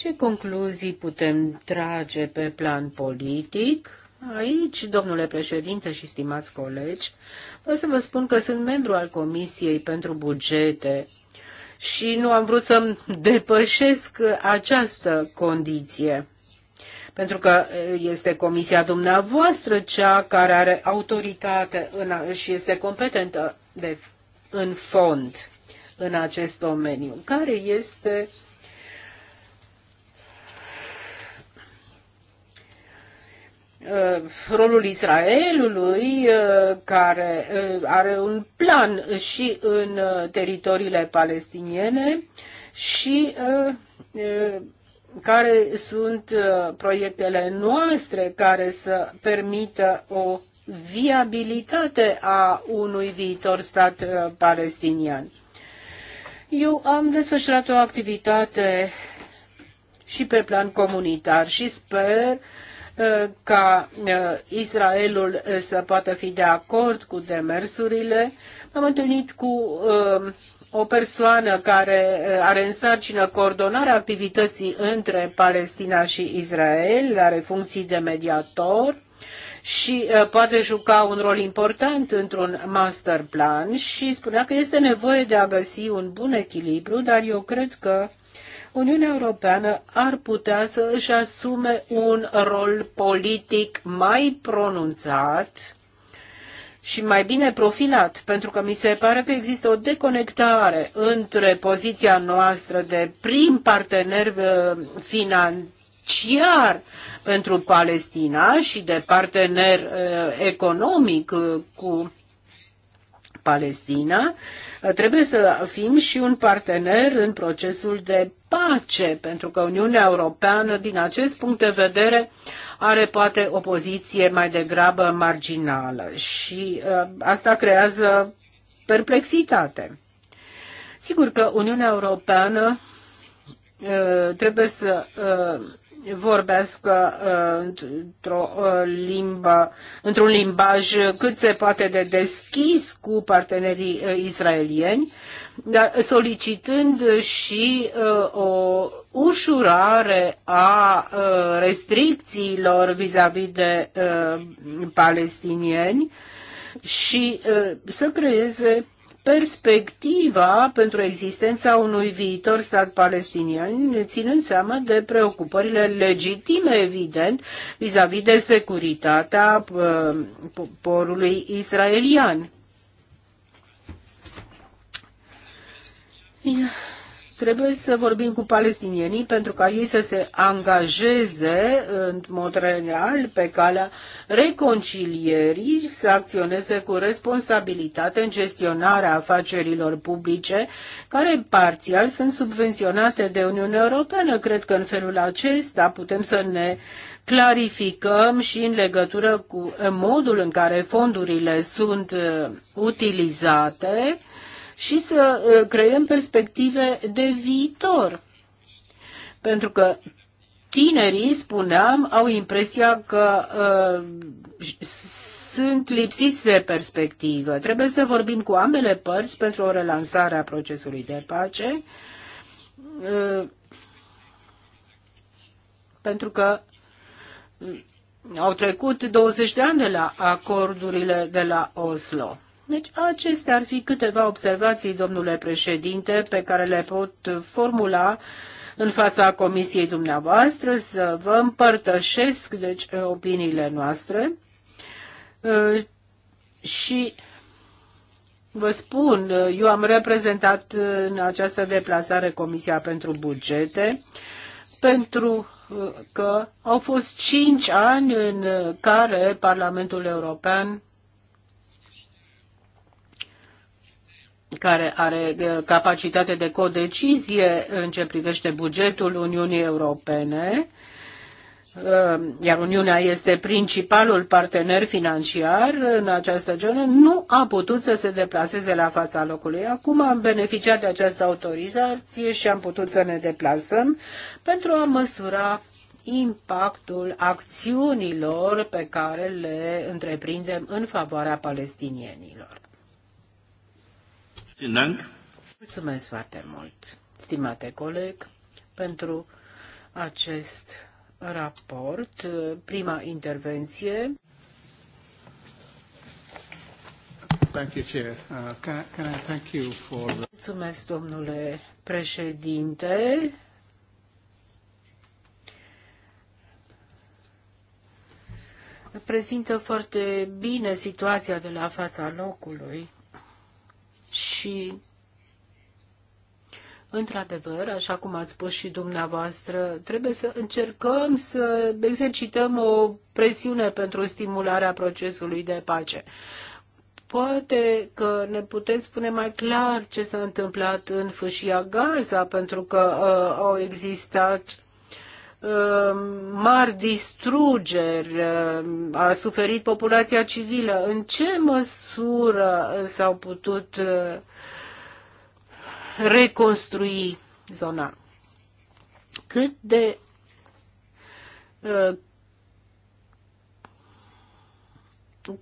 Ce concluzii putem trage pe plan politic? Aici, domnule președinte și stimați colegi, o să vă spun că sunt membru al Comisiei pentru Bugete și nu am vrut să-mi depășesc această condiție. Pentru că este comisia dumneavoastră cea care are autoritate în, și este competentă de, în fond în acest domeniu, care este uh, Uh, rolul Israelului, uh, care uh, are un plan și în teritoriile palestiniene și care sunt proiectele noastre care să permită o viabilitate a unui viitor stat palestinian. Eu am desfășurat o activitate și pe plan comunitar și sper uh, Uh, ca uh, Israelul uh, să poată fi de acord cu demersurile. M-am întâlnit cu um, o persoană care are în sarcină coordonarea activității între Palestina și Israel, are funcții de mediator și poate juca un rol important într-un master plan și spunea că este nevoie de a găsi un bun echilibru, dar eu cred că Uniunea Europeană ar putea să își asume un rol politic mai pronunțat și mai bine profilat, pentru că mi se pare că există o deconectare între poziția noastră de prim partener uh, financiar pentru Palestina și de partener uh, economic uh, cu Palestina, trebuie să fim și un partener în procesul de pace, pentru că Uniunea Europeană, din acest punct de vedere, are poate o poziție mai degrabă marginală și uh, asta creează perplexitate. Sigur că Uniunea Europeană uh, trebuie să uh, vorbească uh, într-o uh, limbă, într-un limbaj cât se poate de deschis cu partenerii uh, israelieni, dar solicitând și o ușurare a restricțiilor vis-a-vis -vis de palestinieni și să creeze perspectiva pentru existența unui viitor stat palestinian, ținând seama de preocupările legitime, evident, vis-a-vis -vis de securitatea uh, poporului israelian. Trebuie să vorbim cu palestinienii pentru ca ei să se angajeze în mod real pe calea reconcilierii, să acționeze cu responsabilitate în gestionarea afacerilor publice, care parțial sunt subvenționate de Uniunea Europeană. Cred că în felul acesta putem să ne clarificăm și în legătură cu modul în care fondurile sunt uh, utilizate și să ă, creăm perspective de viitor. Pentru că tinerii, spuneam, au impresia că uh, sunt lipsiți de perspectivă. Trebuie să vorbim cu ambele părți pentru o relansare a procesului de pace, uh, pentru că au trecut 20 de ani de la acordurile de la Oslo. Deci acestea ar fi câteva observații, domnule președinte, pe care le pot formula în fața comisiei dumneavoastră, să vă împărtășesc deci, opiniile noastre uh, și vă spun, eu am reprezentat în această deplasare Comisia pentru Bugete, pentru uh, că au fost cinci ani în care Parlamentul European care are uh, capacitate de codecizie în ce privește bugetul Uniunii Europene, uh, iar Uniunea este principalul partener financiar în această zonă, nu a putut să se deplaseze la fața locului. Acum am beneficiat de această autorizație și am putut să ne deplasăm pentru a măsura impactul acțiunilor pe care le întreprindem în favoarea palestinienilor. Mulțumesc foarte mult, stimate coleg, pentru acest raport. Prima intervenție. Thank you, Chair. Uh, can, can I thank you for... Mulțumesc, domnule președinte. Prezintă foarte bine situația de la fața locului și Într-adevăr, așa cum ați spus și dumneavoastră, trebuie să încercăm să exercităm o presiune pentru stimularea procesului de pace. Poate că ne puteți spune mai clar ce s-a întâmplat în fâșia Gaza, pentru că uh, au existat Um, mari distrugeri, um, a suferit populația civilă. În ce măsură s-au putut uh, reconstrui zona? Cât de uh,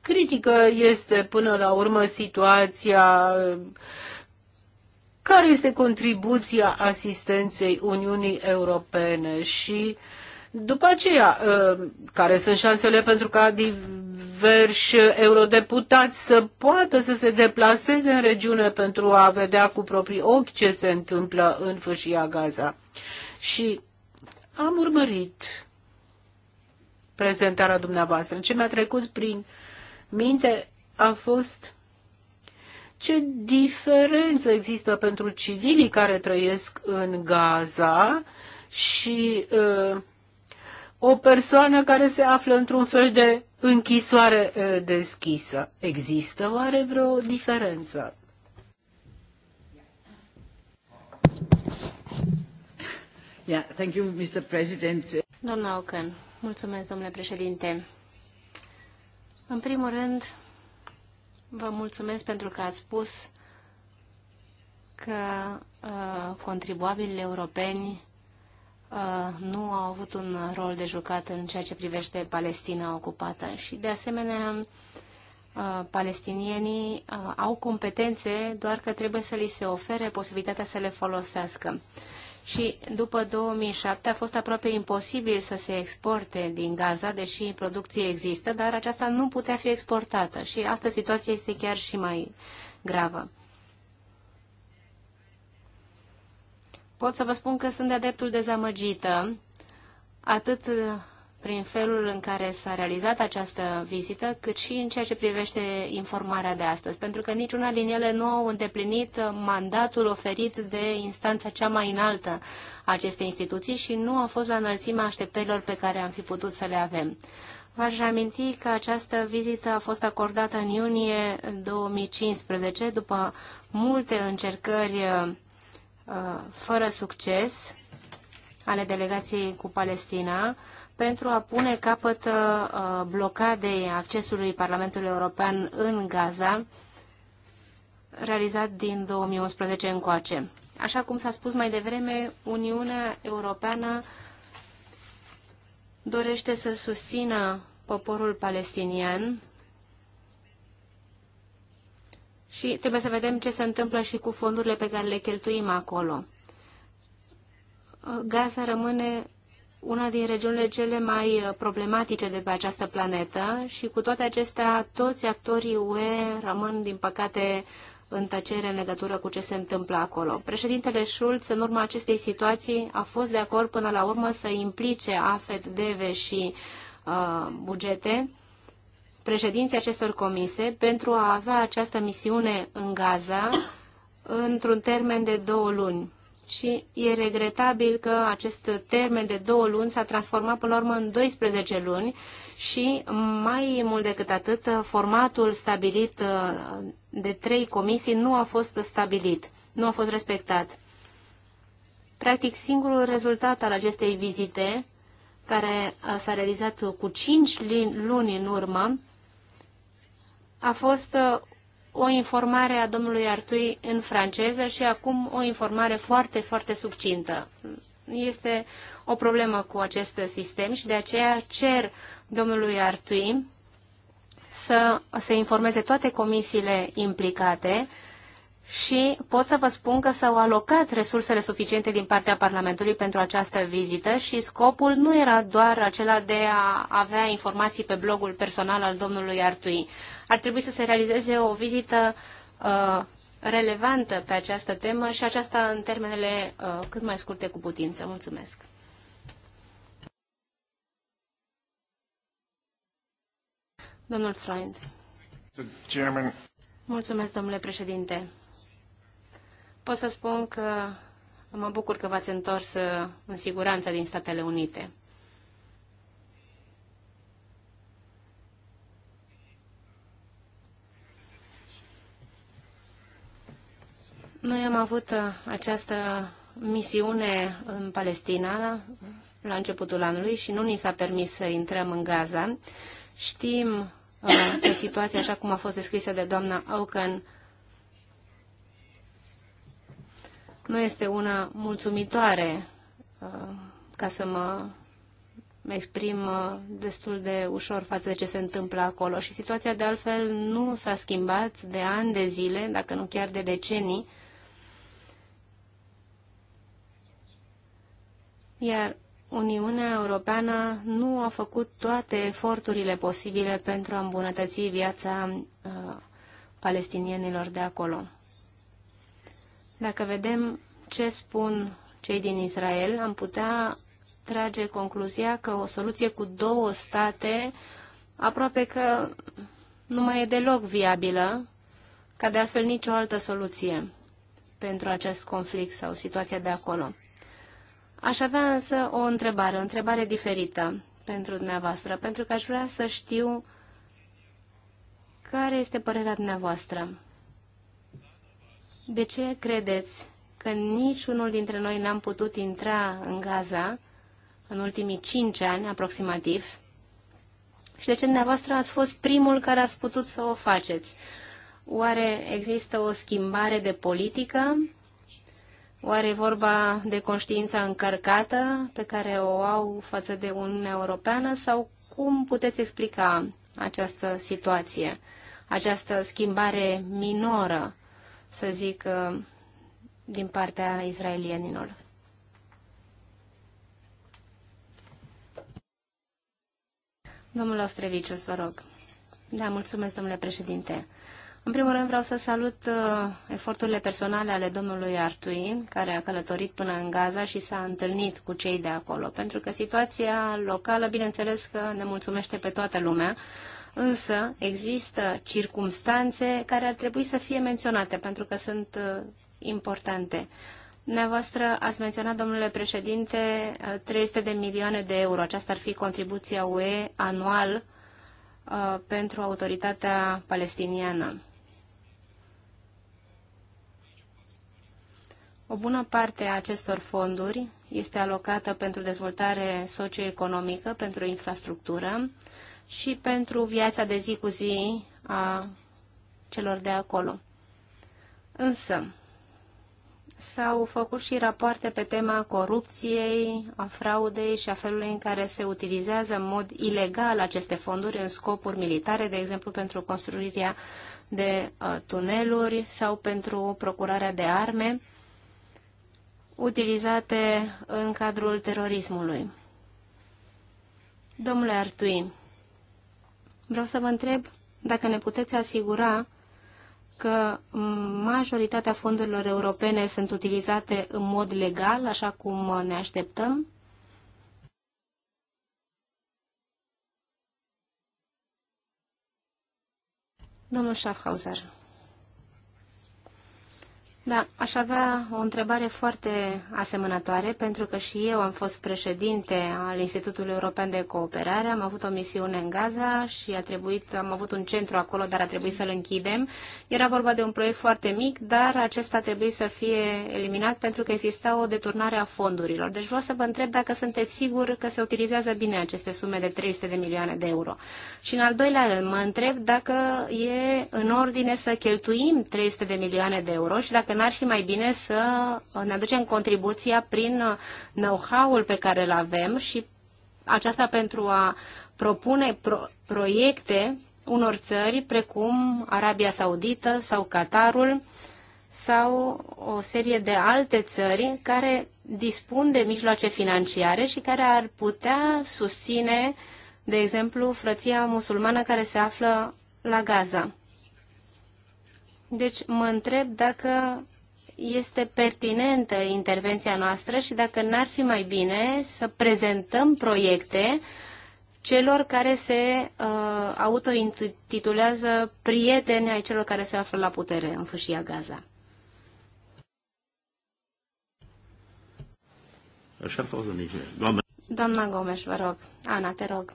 critică este până la urmă situația uh, care este contribuția asistenței Uniunii Europene și după aceea, ă, care sunt șansele pentru ca diversi eurodeputați să poată să se deplaseze în regiune pentru a vedea cu proprii ochi ce se întâmplă în fâșia Gaza. Și am urmărit prezentarea dumneavoastră. Ce mi-a trecut prin minte a fost ce diferență există pentru civilii care trăiesc în Gaza și uh, o persoană care se află într-un fel de închisoare uh, deschisă. Există oare vreo diferență? Yeah, thank you, Mr. President.
Doamna Ocan, mulțumesc, domnule președinte. În primul rând, Vă mulțumesc pentru că ați spus că uh, contribuabilii europeni uh, nu au avut un rol de jucat în ceea ce privește Palestina ocupată. Și, de asemenea, uh, palestinienii uh, au competențe, doar că trebuie să li se ofere posibilitatea să le folosească și după 2007 a fost aproape imposibil să se exporte din Gaza, deși producție există, dar aceasta nu putea fi exportată și asta situația este chiar și mai gravă. Pot să vă spun că sunt de-a dreptul dezamăgită, atât prin felul în care s-a realizat această vizită, cât și în ceea ce privește informarea de astăzi, pentru că niciuna din ele nu au îndeplinit mandatul oferit de instanța cea mai înaltă a acestei instituții și nu a fost la înălțimea așteptărilor pe care am fi putut să le avem. V-aș aminti că această vizită a fost acordată în iunie 2015, după multe încercări uh, fără succes ale delegației cu Palestina, pentru a pune capăt uh, blocadei accesului Parlamentului European în Gaza, realizat din 2011 încoace. Așa cum s-a spus mai devreme, Uniunea Europeană dorește să susțină poporul palestinian și trebuie să vedem ce se întâmplă și cu fondurile pe care le cheltuim acolo. Gaza rămâne una din regiunile cele mai uh, problematice de pe această planetă și cu toate acestea toți actorii UE rămân, din păcate, în tăcere în legătură cu ce se întâmplă acolo. Președintele Schulz, în urma acestei situații, a fost de acord până la urmă să implice AFED, DEVE și uh, bugete președinții acestor comise pentru a avea această misiune în Gaza într-un termen de două luni și e regretabil că acest termen de două luni s-a transformat până la urmă în 12 luni și mai mult decât atât, formatul stabilit uh, de trei comisii nu a fost stabilit, nu a fost respectat. Practic, singurul rezultat al acestei vizite, care uh, s-a realizat cu 5 luni în urmă, a fost uh, o informare a domnului Artui în franceză și acum o informare foarte, foarte subcintă. Este o problemă cu acest sistem și de aceea cer domnului Artui să se informeze toate comisiile implicate și pot să vă spun că s-au alocat resursele suficiente din partea Parlamentului pentru această vizită și scopul nu era doar acela de a avea informații pe blogul personal al domnului Artui. Ar trebui să se realizeze o vizită uh, relevantă pe această temă și aceasta în termenele uh, cât mai scurte cu putință. Mulțumesc! Domnul Freund. Mulțumesc, domnule președinte pot să spun că mă bucur că v-ați întors uh, în siguranță din Statele Unite. Noi am avut uh, această misiune în Palestina la începutul anului și nu ni s-a permis să intrăm în Gaza. Știm uh, că situația, așa cum a fost descrisă de doamna Auken, nu este una mulțumitoare, uh, ca să mă exprim uh, destul de ușor față de ce se întâmplă acolo. Și situația, de altfel, nu s-a schimbat de ani de zile, dacă nu chiar de decenii. Iar Uniunea Europeană nu a făcut toate eforturile posibile pentru a îmbunătăți viața uh, palestinienilor de acolo. Dacă vedem ce spun cei din Israel, am putea trage concluzia că o soluție cu două state aproape că nu mai e deloc viabilă, ca de altfel nicio altă soluție pentru acest conflict sau situația de acolo. Aș avea însă o întrebare, o întrebare diferită pentru dumneavoastră, pentru că aș vrea să știu care este părerea dumneavoastră. De ce credeți că niciunul dintre noi n-am putut intra în Gaza în ultimii cinci ani aproximativ? Și de ce dumneavoastră ați fost primul care ați putut să o faceți? Oare există o schimbare de politică? Oare e vorba de conștiința încărcată pe care o au față de Uniunea Europeană sau cum puteți explica această situație, această schimbare minoră? să zic, uh, din partea israelienilor. Domnul Ostrevicius, vă rog. Da, mulțumesc, domnule președinte. În primul rând vreau să salut uh, eforturile personale ale domnului Artui, care a călătorit până în Gaza și s-a întâlnit cu cei de acolo, pentru că situația locală, bineînțeles că ne mulțumește pe toată lumea, însă există circumstanțe care ar trebui să fie menționate pentru că sunt uh, importante. Dumneavoastră ați menționat, domnule președinte, 300 uh, de milioane de euro. Aceasta ar fi contribuția UE anual uh, pentru autoritatea palestiniană. O bună parte a acestor fonduri este alocată pentru dezvoltare socioeconomică, pentru infrastructură și pentru viața de zi cu zi a celor de acolo. Însă, s-au făcut și rapoarte pe tema corupției, a fraudei și a felului în care se utilizează în mod ilegal aceste fonduri în scopuri militare, de exemplu pentru construirea de uh, tuneluri sau pentru procurarea de arme utilizate în cadrul terorismului. Domnule Artui, Vreau să vă întreb dacă ne puteți asigura că majoritatea fondurilor europene sunt utilizate în mod legal, așa cum ne așteptăm? Domnul Schaffhauser. Da, aș avea o întrebare foarte asemănătoare, pentru că și eu am fost președinte al Institutului European de Cooperare, am avut o misiune în Gaza și a trebuit, am avut un centru acolo, dar a trebuit să-l închidem. Era vorba de un proiect foarte mic, dar acesta a trebuit să fie eliminat pentru că exista o deturnare a fondurilor. Deci vreau să vă întreb dacă sunteți sigur că se utilizează bine aceste sume de 300 de milioane de euro. Și în al doilea rând, mă întreb dacă e în ordine să cheltuim 300 de milioane de euro și dacă n-ar fi mai bine să ne aducem contribuția prin know-how-ul pe care îl avem și aceasta pentru a propune pro- proiecte unor țări precum Arabia Saudită sau Qatarul sau o serie de alte țări care dispun de mijloace financiare și care ar putea susține, de exemplu, frăția musulmană care se află la Gaza. Deci mă întreb dacă este pertinentă intervenția noastră și dacă n-ar fi mai bine să prezentăm proiecte celor care se uh, autointitulează prieteni ai celor care se află la putere în fâșia Gaza. Doamna Gomes, vă rog. Ana, te rog.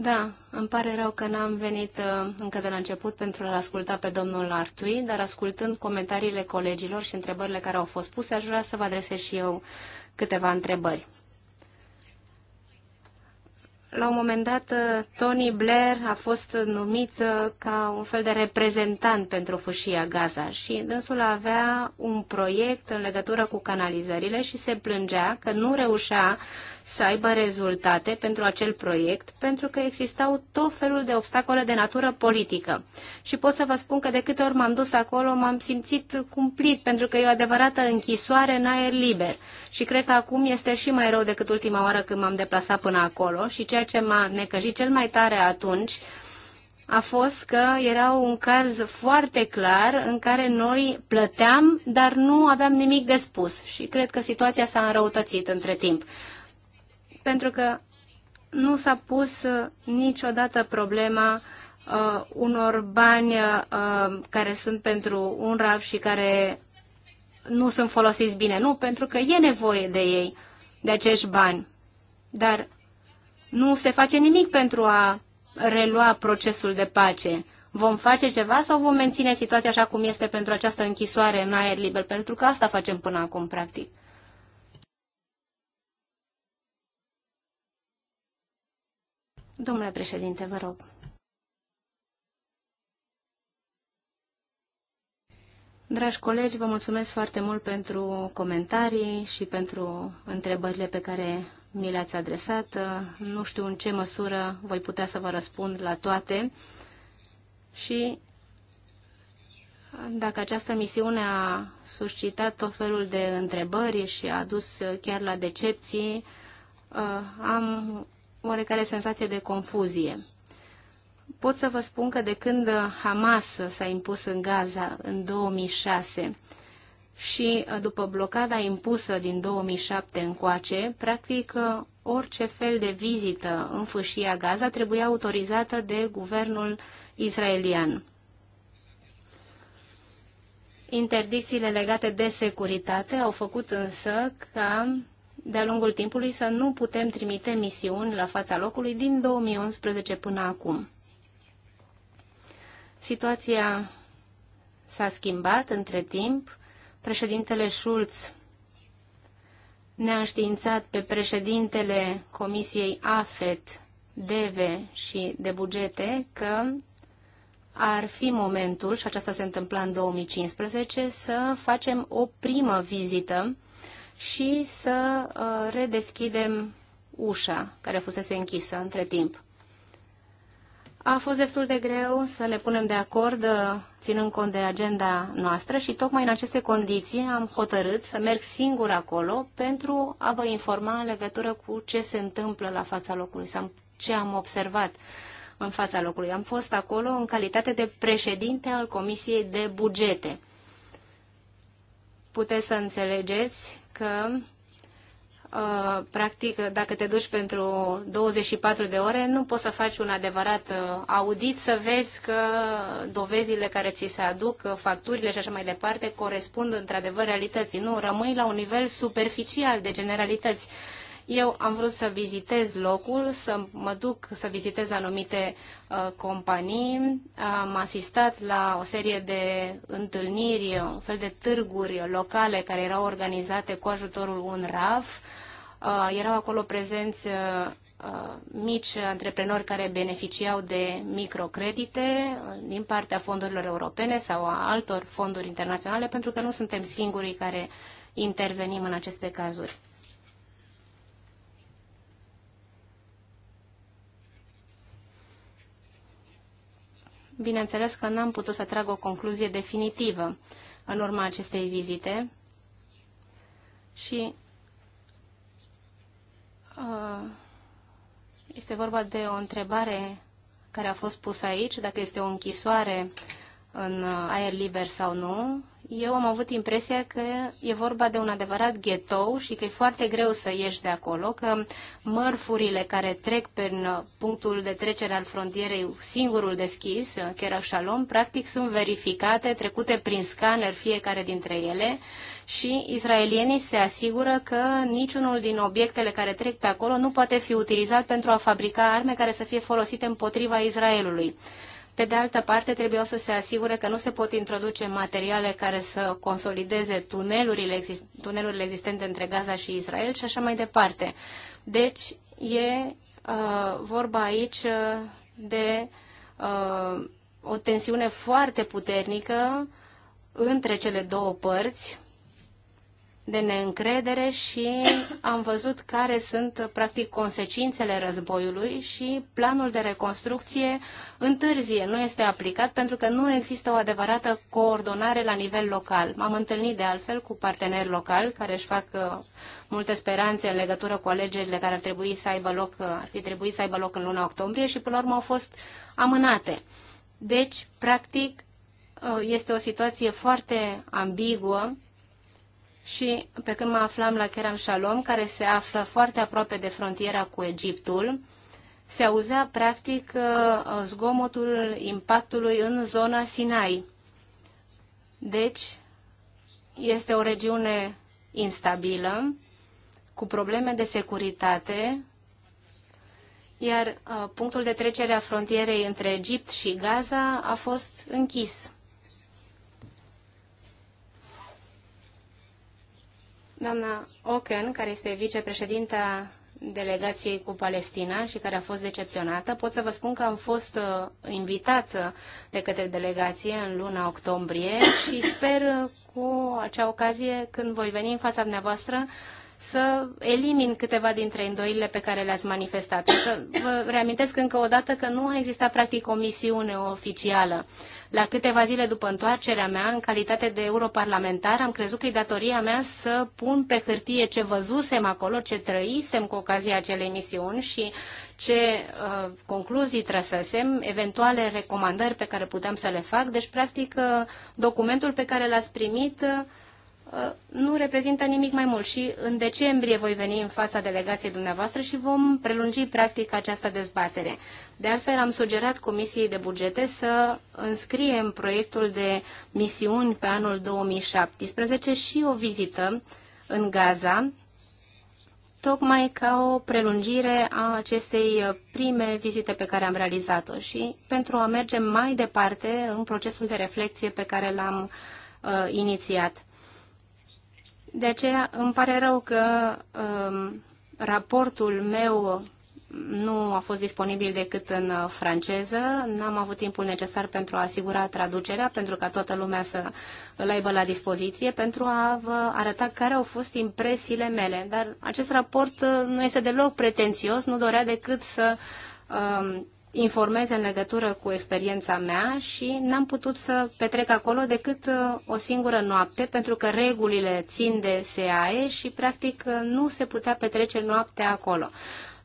Da, îmi pare rău că n-am venit uh, încă de la început pentru a-l asculta pe domnul Artui, dar ascultând comentariile colegilor și întrebările care au fost puse, aș vrea să vă adresez și eu câteva întrebări la un moment dat, uh, Tony Blair a fost numit uh, ca un fel de reprezentant pentru fâșia Gaza și dânsul avea un proiect în legătură cu canalizările și se plângea că nu reușea să aibă rezultate pentru acel proiect, pentru că existau tot felul de obstacole de natură politică. Și pot să vă spun că de câte ori m-am dus acolo, m-am simțit cumplit, pentru că e o adevărată închisoare în aer liber. Și cred că acum este și mai rău decât ultima oară când m-am deplasat până acolo și ce ceea ce m-a necăjit cel mai tare atunci a fost că era un caz foarte clar în care noi plăteam, dar nu aveam nimic de spus și cred că situația s-a înrăutățit între timp. Pentru că nu s-a pus uh, niciodată problema uh, unor bani uh, care sunt pentru un RAF și care nu sunt folosiți bine. Nu, pentru că e nevoie de ei, de acești bani. Dar nu se face nimic pentru a relua procesul de pace. Vom face ceva sau vom menține situația așa cum este pentru această închisoare în aer liber? Pentru că asta facem până acum, practic. Domnule președinte, vă rog. Dragi colegi, vă mulțumesc foarte mult pentru comentarii și pentru întrebările pe care mi le-ați adresat. Uh, nu știu în ce măsură voi putea să vă răspund la toate și dacă această misiune a suscitat tot felul de întrebări și a dus chiar la decepții, uh, am oarecare senzație de confuzie. Pot să vă spun că de când Hamas s-a impus în Gaza în 2006, și uh, după blocada impusă din 2007 încoace, practic uh, orice fel de vizită în fâșia Gaza trebuia autorizată de guvernul israelian. Interdicțiile legate de securitate au făcut însă ca de-a lungul timpului să nu putem trimite misiuni la fața locului din 2011 până acum. Situația s-a schimbat între timp președintele Schulz ne-a înștiințat pe președintele Comisiei AFET, DEVE și de bugete că ar fi momentul, și aceasta se întâmpla în 2015, să facem o primă vizită și să uh, redeschidem ușa care fusese închisă între timp. A fost destul de greu să ne punem de acord, uh, ținând cont de agenda noastră și tocmai în aceste condiții am hotărât să merg singur acolo pentru a vă informa în legătură cu ce se întâmplă la fața locului, ce am observat în fața locului. Am fost acolo în calitate de președinte al Comisiei de Bugete. Puteți să înțelegeți că Uh, practic, dacă te duci pentru 24 de ore, nu poți să faci un adevărat uh, audit, să vezi că dovezile care ți se aduc, uh, facturile și așa mai departe, corespund într-adevăr realității. Nu, rămâi la un nivel superficial de generalități. Eu am vrut să vizitez locul, să mă duc să vizitez anumite uh, companii. Am asistat la o serie de întâlniri, un fel de târguri locale care erau organizate cu ajutorul UNRAF. Uh, erau acolo prezenți uh, uh mici antreprenori care beneficiau de microcredite uh, din partea fondurilor europene sau a altor fonduri internaționale, pentru că nu suntem singurii care intervenim în aceste cazuri. bineînțeles că n-am putut să trag o concluzie definitivă în urma acestei vizite și uh, este vorba de o întrebare care a fost pusă aici, dacă este o închisoare în uh, aer liber sau nu eu am avut impresia că e vorba de un adevărat ghetou și că e foarte greu să ieși de acolo, că mărfurile care trec prin punctul de trecere al frontierei, singurul deschis, chiar Shalom, practic sunt verificate, trecute prin scanner fiecare dintre ele și israelienii se asigură că niciunul din obiectele care trec pe acolo nu poate fi utilizat pentru a fabrica arme care să fie folosite împotriva Israelului. Pe de altă parte, trebuie să se asigure că nu se pot introduce materiale care să consolideze tunelurile, exist tunelurile existente între Gaza și Israel și așa mai departe. Deci, e uh, vorba aici uh, de uh, o tensiune foarte puternică între cele două părți de neîncredere și am văzut care sunt practic consecințele războiului și planul de reconstrucție întârzie, nu este aplicat pentru că nu există o adevărată coordonare la nivel local. M-am întâlnit de altfel cu parteneri locali care își fac uh, multe speranțe în legătură cu alegerile care ar trebui să aibă loc, uh, ar fi trebuit să aibă loc în luna octombrie și până la urmă au fost amânate. Deci, practic, uh, este o situație foarte ambiguă și pe când mă aflam la Kerem Shalom, care se află foarte aproape de frontiera cu Egiptul, se auzea practic uh, uh, zgomotul impactului în zona Sinai. Deci, este o regiune instabilă, cu probleme de securitate, iar uh, punctul de trecere a frontierei între Egipt și Gaza a fost închis. Doamna Oken, care este vicepreședinta delegației cu Palestina și care a fost decepționată, pot să vă spun că am fost uh, invitată de către delegație în luna octombrie și sper uh, cu acea ocazie, când voi veni în fața dumneavoastră, să elimin câteva dintre îndoirile pe care le-ați manifestat. Să vă reamintesc încă o dată că nu a existat practic o misiune oficială. La câteva zile după întoarcerea mea, în calitate de europarlamentar, am crezut că e datoria mea să pun pe hârtie ce văzusem acolo, ce trăisem cu ocazia acelei misiuni și ce uh, concluzii trăsesem, eventuale recomandări pe care puteam să le fac. Deci, practic, uh, documentul pe care l-ați primit uh, Uh, nu reprezintă nimic mai mult și în decembrie voi veni în fața delegației dumneavoastră și vom prelungi practic această dezbatere. De altfel, am sugerat Comisiei de Bugete să înscriem în proiectul de misiuni pe anul 2017 și o vizită în Gaza, tocmai ca o prelungire a acestei prime vizite pe care am realizat-o și pentru a merge mai departe în procesul de reflexie pe care l-am uh, inițiat. De aceea îmi pare rău că um, raportul meu nu a fost disponibil decât în uh, franceză. N-am avut timpul necesar pentru a asigura traducerea, pentru ca toată lumea să îl aibă la dispoziție, pentru a vă arăta care au fost impresiile mele. Dar acest raport uh, nu este deloc pretențios, nu dorea decât să um, informeze în legătură cu experiența mea și n-am putut să petrec acolo decât uh, o singură noapte, pentru că regulile țin de SAE și practic uh, nu se putea petrece noaptea acolo.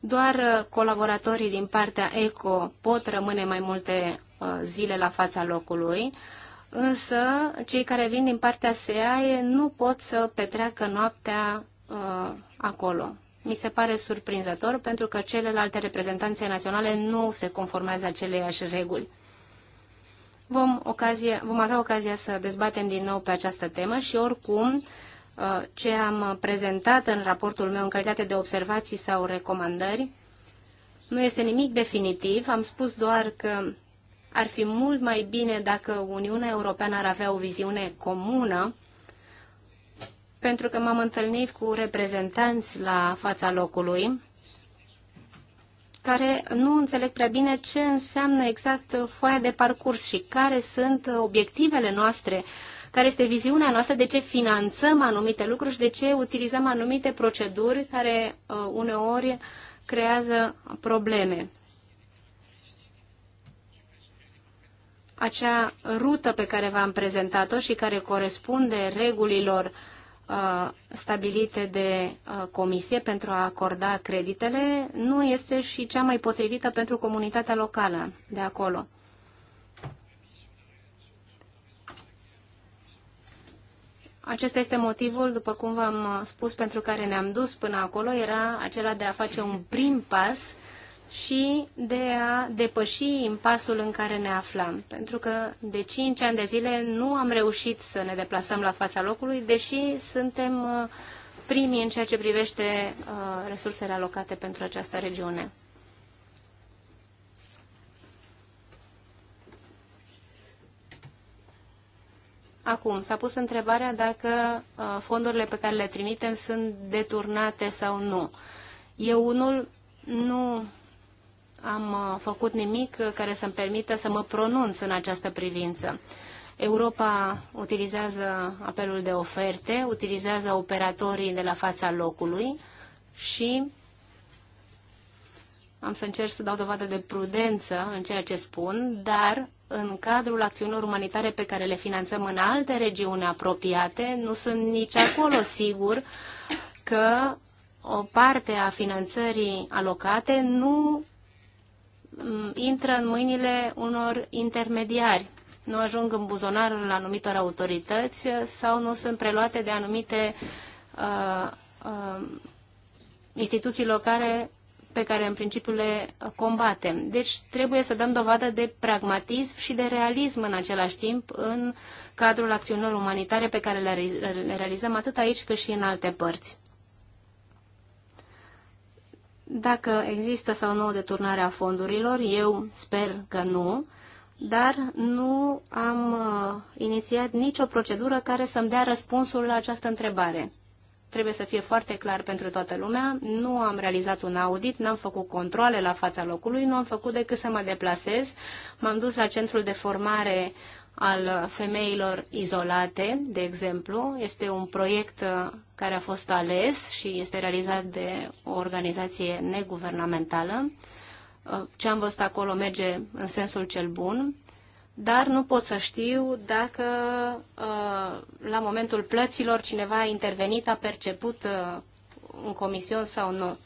Doar uh, colaboratorii din partea ECO pot rămâne mai multe zile la fața locului, însă cei care vin din partea SAE nu pot să petreacă noaptea acolo mi se pare surprinzător pentru că celelalte reprezentanțe naționale nu se conformează aceleiași reguli. Vom, ocazie, vom avea ocazia să dezbatem din nou pe această temă și oricum uh, ce am prezentat în raportul meu în calitate de observații sau recomandări nu este nimic definitiv. Am spus doar că ar fi mult mai bine dacă Uniunea Europeană ar avea o viziune comună pentru că m-am întâlnit cu reprezentanți la fața locului care nu înțeleg prea bine ce înseamnă exact foaia de parcurs și care sunt obiectivele noastre, care este viziunea noastră, de ce finanțăm anumite lucruri și de ce utilizăm anumite proceduri care uh, uneori creează probleme. Acea rută pe care v-am prezentat-o și care corespunde regulilor uh, Uh, stabilite de uh, comisie pentru a acorda creditele nu este și cea mai potrivită pentru comunitatea locală de acolo. Acesta este motivul, după cum v-am spus, pentru care ne-am dus până acolo, era acela de a face un prim pas și de a depăși impasul în care ne aflam. Pentru că de 5 ani de zile nu am reușit să ne deplasăm la fața locului, deși suntem uh, primii în ceea ce privește uh, resursele alocate pentru această regiune. Acum, s-a pus întrebarea dacă uh, fondurile pe care le trimitem sunt deturnate sau nu. Eu unul nu am uh, făcut nimic care să-mi permită să mă pronunț în această privință. Europa utilizează apelul de oferte, utilizează operatorii de la fața locului și am să încerc să dau dovadă de prudență în ceea ce spun, dar în cadrul acțiunilor umanitare pe care le finanțăm în alte regiuni apropiate, nu sunt nici acolo sigur că o parte a finanțării alocate nu Mm, intră în mâinile unor intermediari. Nu ajung în buzonarul anumitor autorități sau nu sunt preluate de anumite uh, uh, instituții locale pe care în principiu le combatem. Deci trebuie să dăm dovadă de pragmatism și de realism în același timp în cadrul acțiunilor umanitare pe care le realizăm atât aici cât și în alte părți dacă există sau nu o deturnare a fondurilor, eu sper că nu, dar nu am uh, inițiat nicio procedură care să-mi dea răspunsul la această întrebare. Trebuie să fie foarte clar pentru toată lumea, nu am realizat un audit, n-am făcut controle la fața locului, nu am făcut decât să mă deplasez. M-am dus la centrul de formare al femeilor izolate, de exemplu. Este un proiect uh, care a fost ales și este realizat de o organizație neguvernamentală. Uh, ce am văzut acolo merge în sensul cel bun, dar nu pot să știu dacă uh, la momentul plăților cineva a intervenit, a perceput un comision sau nu.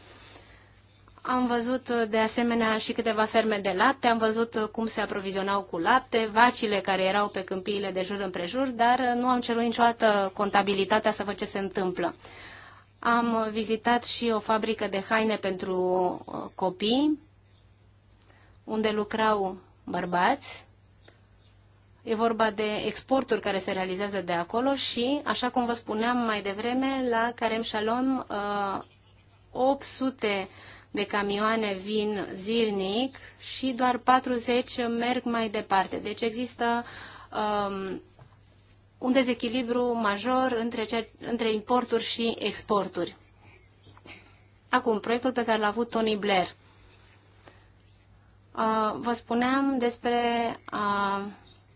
Am văzut uh, de asemenea și câteva ferme de lapte, am văzut uh, cum se aprovizionau cu lapte, vacile care erau pe câmpiile de jur împrejur, dar uh, nu am cerut niciodată contabilitatea să văd ce se întâmplă. Am vizitat și o fabrică de haine pentru copii, unde lucrau bărbați. E vorba de exporturi care se realizează de acolo și, așa cum vă spuneam mai devreme, la Carem Shalom, 800 de camioane vin zilnic și doar 40 merg mai departe. Deci există um, un dezechilibru major între, ce, între importuri și exporturi. Acum, proiectul pe care l-a avut Tony Blair. Uh, vă spuneam despre uh,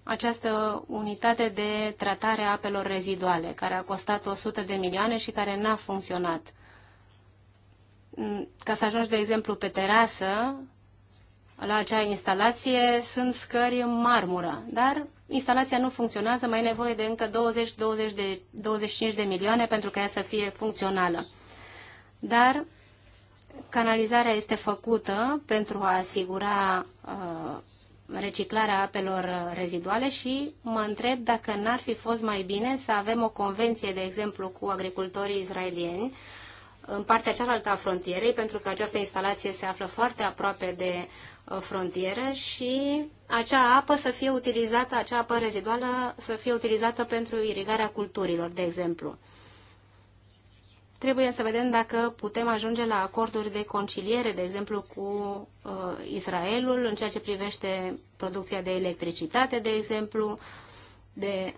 această unitate de tratare a apelor reziduale, care a costat 100 de milioane și care n-a funcționat. Mm, ca să ajungi, de exemplu, pe terasă, la acea instalație sunt scări în marmură, dar instalația nu funcționează, mai e nevoie de încă 20, 20 de, 25 de milioane pentru ca ea să fie funcțională. Dar canalizarea este făcută pentru a asigura uh, reciclarea apelor reziduale și mă întreb dacă n-ar fi fost mai bine să avem o convenție, de exemplu, cu agricultorii israelieni, în partea cealaltă a frontierei, pentru că această instalație se află foarte aproape de uh, frontieră și acea apă să fie utilizată, acea apă reziduală să fie utilizată pentru irigarea culturilor, de exemplu. Trebuie să vedem dacă putem ajunge la acorduri de conciliere, de exemplu, cu uh, Israelul în ceea ce privește producția de electricitate, de exemplu, de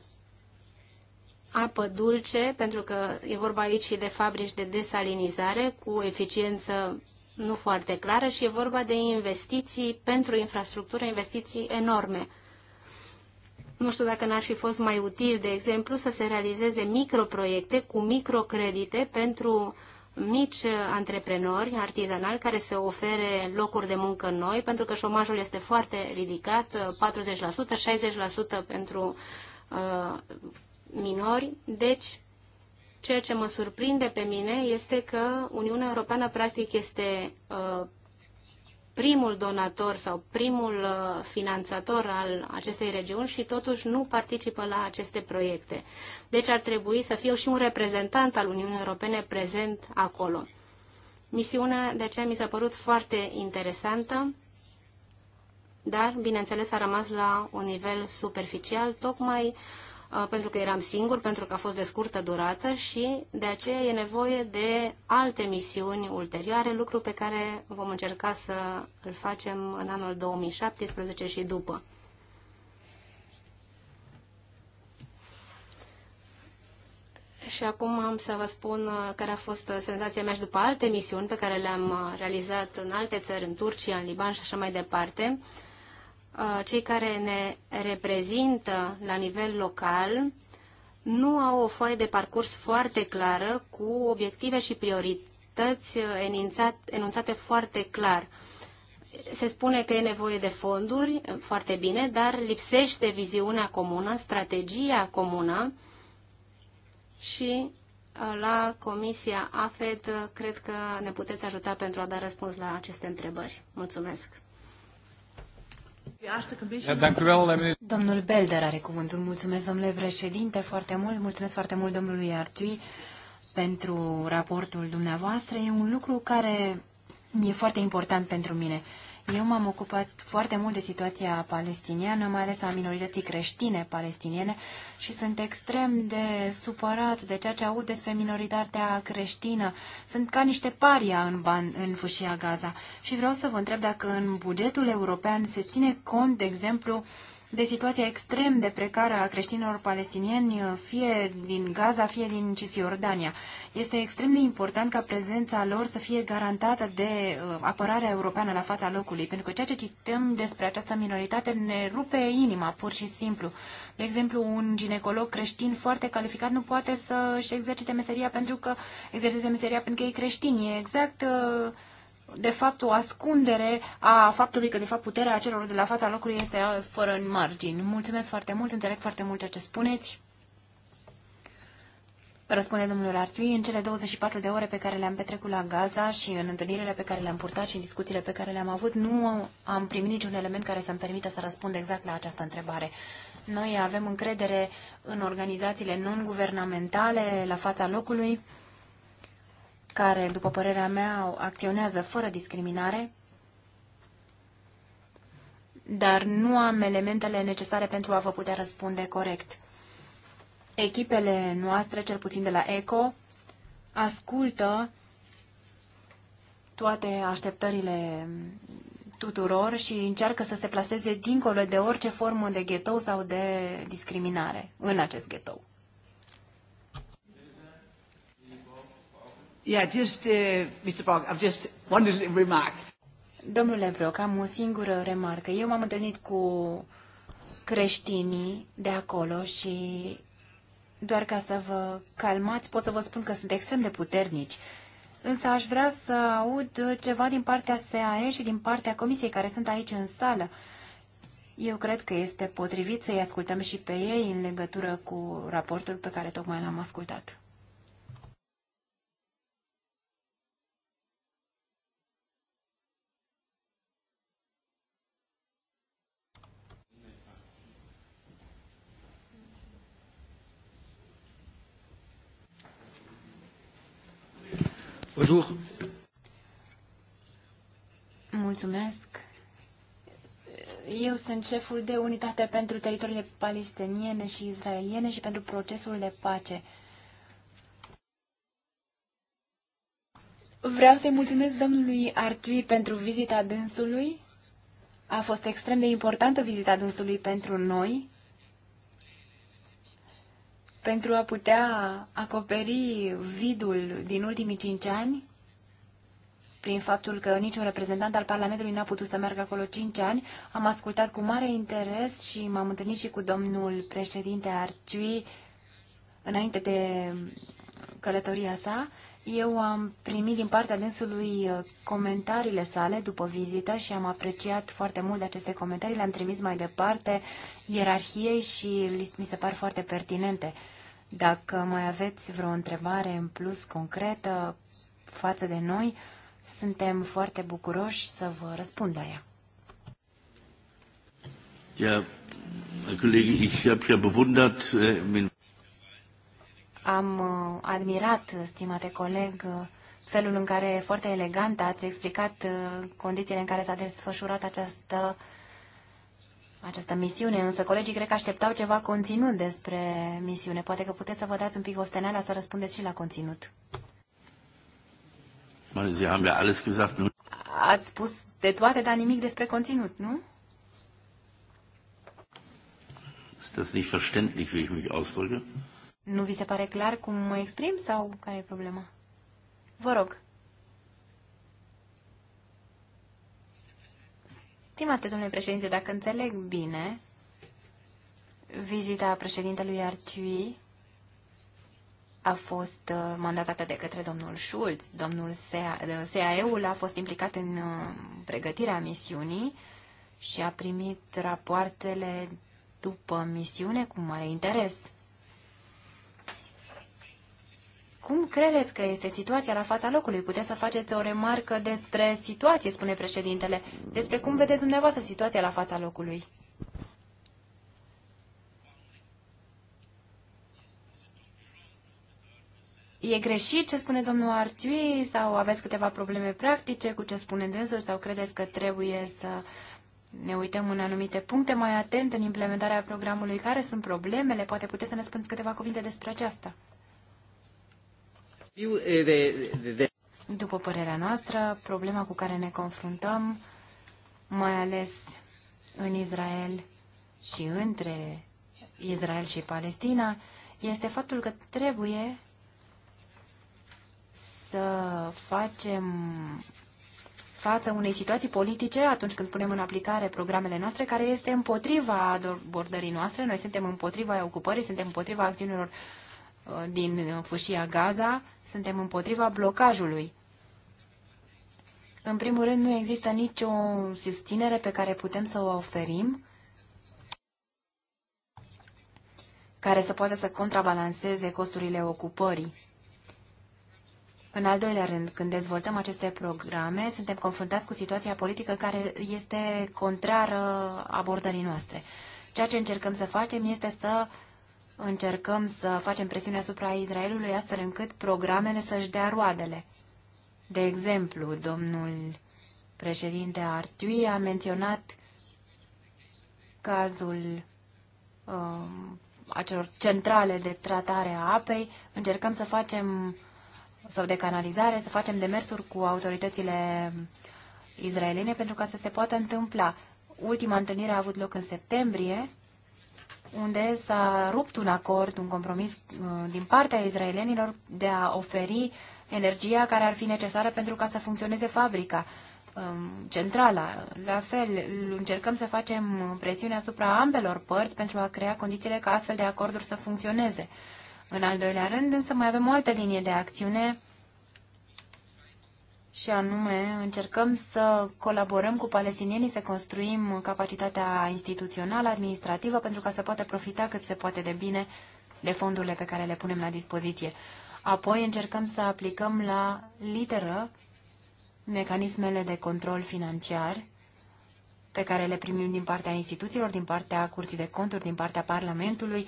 apă dulce, pentru că e vorba aici și de fabrici de desalinizare cu eficiență nu foarte clară și e vorba de investiții pentru infrastructură, investiții enorme. Nu știu dacă n-ar fi fost mai util, de exemplu, să se realizeze microproiecte cu microcredite pentru mici antreprenori artizanali care se ofere locuri de muncă noi, pentru că șomajul este foarte ridicat, 40%, 60% pentru uh, minori, deci ceea ce mă surprinde pe mine este că Uniunea Europeană practic este uh, primul donator sau primul uh, finanțator al acestei regiuni și totuși nu participă la aceste proiecte. Deci ar trebui să fiu și un reprezentant al Uniunii Europene prezent acolo. Misiunea de aceea mi s-a părut foarte interesantă, dar, bineînțeles, a rămas la un nivel superficial, tocmai uh, Uh, pentru că eram singur, pentru că a fost de scurtă durată și de aceea e nevoie de alte misiuni ulterioare, lucru pe care vom încerca să îl facem în anul 2017 și după. Și acum am să vă spun uh, care a fost uh, senzația mea și după alte misiuni pe care le-am realizat în alte țări, în Turcia, în Liban și așa mai departe. Uh, Uh, cei care ne reprezintă la nivel local nu au o foaie de parcurs foarte clară cu obiective și priorități uh, enunțate foarte clar. Se spune că e nevoie de fonduri, uh, foarte bine, dar lipsește viziunea comună, strategia comună și la Comisia AFED cred că ne puteți ajuta pentru a da răspuns la aceste întrebări. Mulțumesc!
Domnul Belder are cuvântul. Mulțumesc, domnule președinte, foarte mult. Mulțumesc foarte mult domnului Artui pentru raportul dumneavoastră. E un lucru care e foarte important pentru mine. Eu m-am ocupat foarte mult de situația palestiniană, mai ales a minorității creștine palestiniene și sunt extrem de supărat de ceea ce aud despre minoritatea creștină. Sunt ca niște paria în, ban, în fâșia Gaza și vreau să vă întreb dacă în bugetul european se ține cont, de exemplu, de situația extrem de precară a creștinilor palestinieni, fie din Gaza, fie din Cisjordania. Este extrem de important ca prezența lor să fie garantată de uh, apărarea europeană la fața locului, pentru că ceea ce cităm despre această minoritate ne rupe inima, pur și simplu. De exemplu, un ginecolog creștin foarte calificat nu poate să-și exercite meseria pentru că exercite meseria pentru că e creștin. E exact uh, de fapt o ascundere a faptului că de fapt puterea celor de la fața locului este uh, fără margini. Mulțumesc foarte mult, înțeleg foarte mult ce spuneți. Răspunde domnul Artui, în cele 24 de ore pe care le-am petrecut la Gaza și în întâlnirile pe care le-am purtat și în discuțiile pe care le-am avut, nu am primit niciun element care să-mi permită să răspund exact la această întrebare. Noi avem încredere în organizațiile non-guvernamentale la fața locului care, după părerea mea, acționează fără discriminare, dar nu am elementele necesare pentru a vă putea răspunde corect. Echipele noastre, cel puțin de la ECO, ascultă toate așteptările tuturor și încearcă să se plaseze dincolo de orice formă de ghetou sau de discriminare în acest ghetou.
Yeah, just, uh, Mr. Brock, I've just one little
remark. Domnule Brock, am o singură remarcă. Eu m-am întâlnit cu creștinii de acolo și doar ca să vă calmați, pot să vă spun că sunt extrem de puternici. Însă aș vrea să aud ceva din partea SAE și din partea comisiei care sunt aici în sală. Eu cred că este potrivit să-i ascultăm și pe ei în legătură cu raportul pe care tocmai l-am ascultat. Bonjour. Mulțumesc. Eu sunt șeful de unitate pentru teritoriile palestiniene și israeliene și pentru procesul de pace. Vreau să-i mulțumesc domnului Artui pentru vizita dânsului. A fost extrem de importantă vizita dânsului pentru noi pentru a putea acoperi vidul din ultimii cinci ani, prin faptul că niciun reprezentant al Parlamentului n-a putut să meargă acolo cinci ani, am ascultat cu mare interes și m-am întâlnit și cu domnul președinte Arciui înainte de călătoria sa. Eu am primit din partea dânsului comentariile sale după vizită și am apreciat foarte mult aceste comentarii, le-am trimis mai departe ierarhiei și mi se par foarte pertinente. Dacă mai aveți vreo întrebare în plus concretă față de noi, suntem foarte bucuroși să vă răspund la ea.
Ja, äh,
am uh, admirat, stimate coleg, uh, felul în care foarte elegant ați explicat uh, condițiile în care s-a desfășurat această această misiune, însă colegii cred că așteptau ceva conținut despre misiune. Poate că puteți să vă dați un pic o steneală să răspundeți și la conținut. Ați spus de toate, dar nimic despre conținut, nu? Nu vi se pare clar cum mă exprim sau care e problema? Vă rog. Stimate domnule președinte, dacă înțeleg bine, vizita președintelui Arciui a fost uh, mandatată de către domnul Schulz. Domnul SAE-ul uh, a fost implicat în uh, pregătirea misiunii și a primit rapoartele după misiune cu mare interes. Cum credeți că este situația la fața locului? Puteți să faceți o remarcă despre situație, spune președintele, despre cum vedeți dumneavoastră situația la fața locului. E greșit ce spune domnul Arciui sau aveți câteva probleme practice cu ce spune dânsul sau credeți că trebuie să ne uităm în anumite puncte mai atent în implementarea programului? Care sunt problemele? Poate puteți să ne spuneți câteva cuvinte despre aceasta. După părerea noastră, problema cu care ne confruntăm, mai ales în Israel și între Israel și Palestina, este faptul că trebuie să facem față unei situații politice atunci când punem în aplicare programele noastre, care este împotriva abordării noastre. Noi suntem împotriva ocupării, suntem împotriva acțiunilor Uh, din fâșia Gaza, suntem împotriva blocajului. În primul rând, nu există nicio susținere pe care putem să o oferim care să poată să contrabalanceze costurile ocupării. În al doilea rând, când dezvoltăm aceste programe, suntem confruntați cu situația politică care este contrară abordării noastre. Ceea ce încercăm să facem este să uh, încercăm să facem presiune asupra Israelului astfel încât programele să-și dea roadele. De exemplu, domnul președinte Artui a menționat cazul um, acelor centrale de tratare a apei. Încercăm să facem, sau de canalizare, să facem demersuri cu autoritățile izraeliene pentru ca să se poată întâmpla. Ultima întâlnire a avut loc în septembrie unde s-a rupt un acord, un compromis uh, din partea izraelenilor de a oferi energia care ar fi necesară pentru ca să funcționeze fabrica um, centrala. La fel, încercăm să facem presiune asupra ambelor părți pentru a crea condițiile ca astfel de acorduri să funcționeze. În al doilea rând, însă mai avem o altă linie de acțiune și anume încercăm să colaborăm cu palestinienii, să construim capacitatea instituțională, administrativă, pentru ca să poată profita cât se poate de bine de fondurile pe care le punem la dispoziție. Apoi încercăm să aplicăm la literă mecanismele de control financiar pe care le primim din partea instituțiilor, din partea Curții de Conturi, din partea Parlamentului,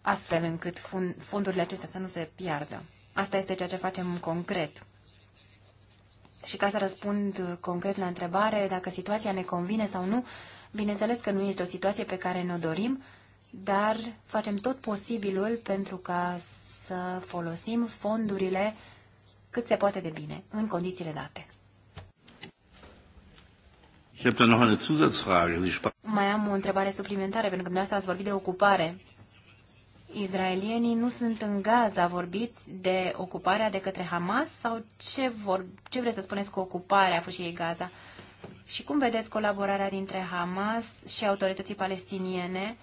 astfel încât fundurile acestea să nu se piardă. Asta este ceea ce facem concret. Și ca să răspund concret la întrebare, dacă situația ne convine sau nu, bineînțeles că nu este o situație pe care ne-o dorim, dar facem tot posibilul pentru ca să folosim fondurile cât se poate de bine, în condițiile date.
Da
Mai am o întrebare suplimentară, pentru că dumneavoastră ați vorbit de ocupare. Izraelienii nu sunt în Gaza. Vorbiți de ocuparea de către Hamas sau ce, vor, ce vreți să spuneți cu ocuparea fâșiei Gaza? Și cum vedeți colaborarea dintre Hamas și autorității palestiniene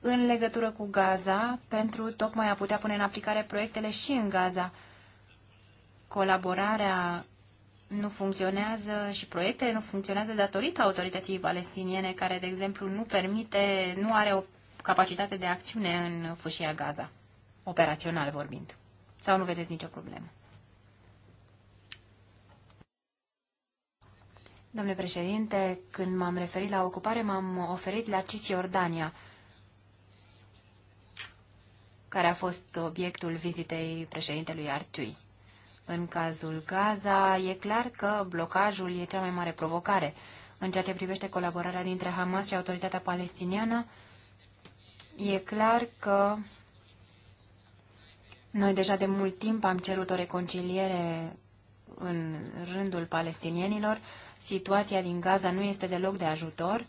în legătură cu Gaza pentru tocmai a putea pune în aplicare proiectele și în Gaza? Colaborarea nu funcționează și proiectele nu funcționează datorită autorității palestiniene care, de exemplu, nu permite, nu are o capacitate de acțiune în fâșia Gaza, operațional vorbind? Sau nu vedeți nicio problemă? Domnule președinte, când m-am referit la ocupare, m-am oferit la Cisjordania, care a fost obiectul vizitei președintelui Artui. În cazul Gaza, e clar că blocajul e cea mai mare provocare. În ceea ce privește colaborarea dintre Hamas și autoritatea palestiniană, E clar că noi deja de mult timp am cerut o reconciliere în rândul palestinienilor. Situația din Gaza nu este deloc de ajutor,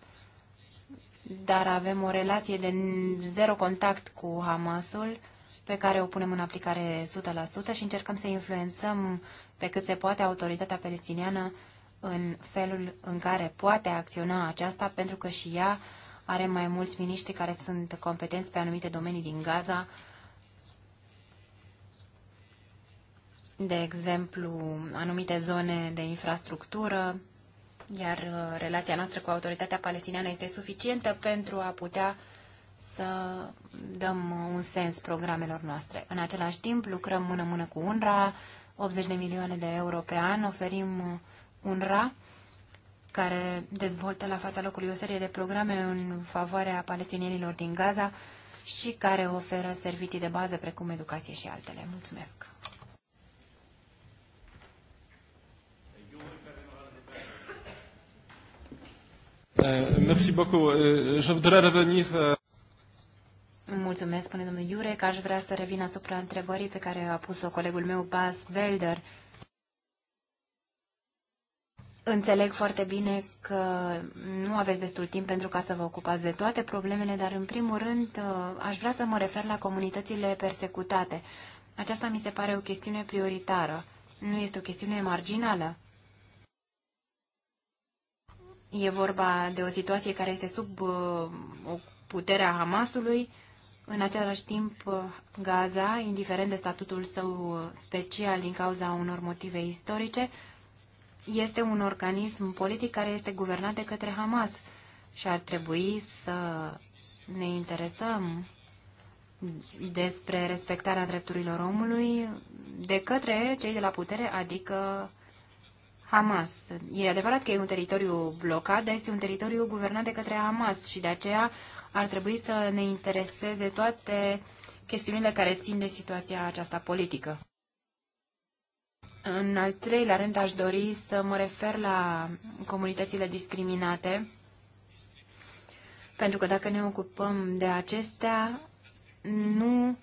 dar avem o relație de zero contact cu Hamasul pe care o punem în aplicare 100% și încercăm să influențăm pe cât se poate autoritatea palestiniană în felul în care poate acționa aceasta, pentru că și ea are mai mulți miniștri care sunt competenți pe anumite domenii din Gaza, de exemplu, anumite zone de infrastructură, iar uh, relația noastră cu autoritatea palestiniană este suficientă pentru a putea să dăm uh, un sens programelor noastre. În același timp, lucrăm mână-mână cu UNRWA, 80 de milioane de euro pe an, oferim uh, UNRWA care dezvoltă la fața locului o serie de programe în favoarea palestinienilor din Gaza și care oferă servicii de bază precum educație și altele. Mulțumesc!
Eh, merci beaucoup. Eh, je voudrais revenir euh,
Mulțumesc, spune domnul Iurec. Aș vrea să revin asupra întrebării pe care a pus-o colegul meu, Bas Belder, Înțeleg foarte bine că nu aveți destul timp pentru ca să vă ocupați de toate problemele, dar în primul rând uh, aș vrea să mă refer la comunitățile persecutate. Aceasta mi se pare o chestiune prioritară, nu este o chestiune marginală. E vorba de o situație care este sub uh, o puterea Hamasului, în același timp uh, Gaza, indiferent de statutul său special din cauza unor motive istorice, este un organism politic care este guvernat de către Hamas și ar trebui să ne interesăm despre respectarea drepturilor omului de către cei de la putere, adică Hamas. E adevărat că e un teritoriu blocat, dar este un teritoriu guvernat de către Hamas și de aceea ar trebui să ne intereseze toate chestiunile care țin de situația aceasta politică. În al treilea rând aș dori să mă refer la comunitățile discriminate, pentru că dacă ne ocupăm de acestea, nu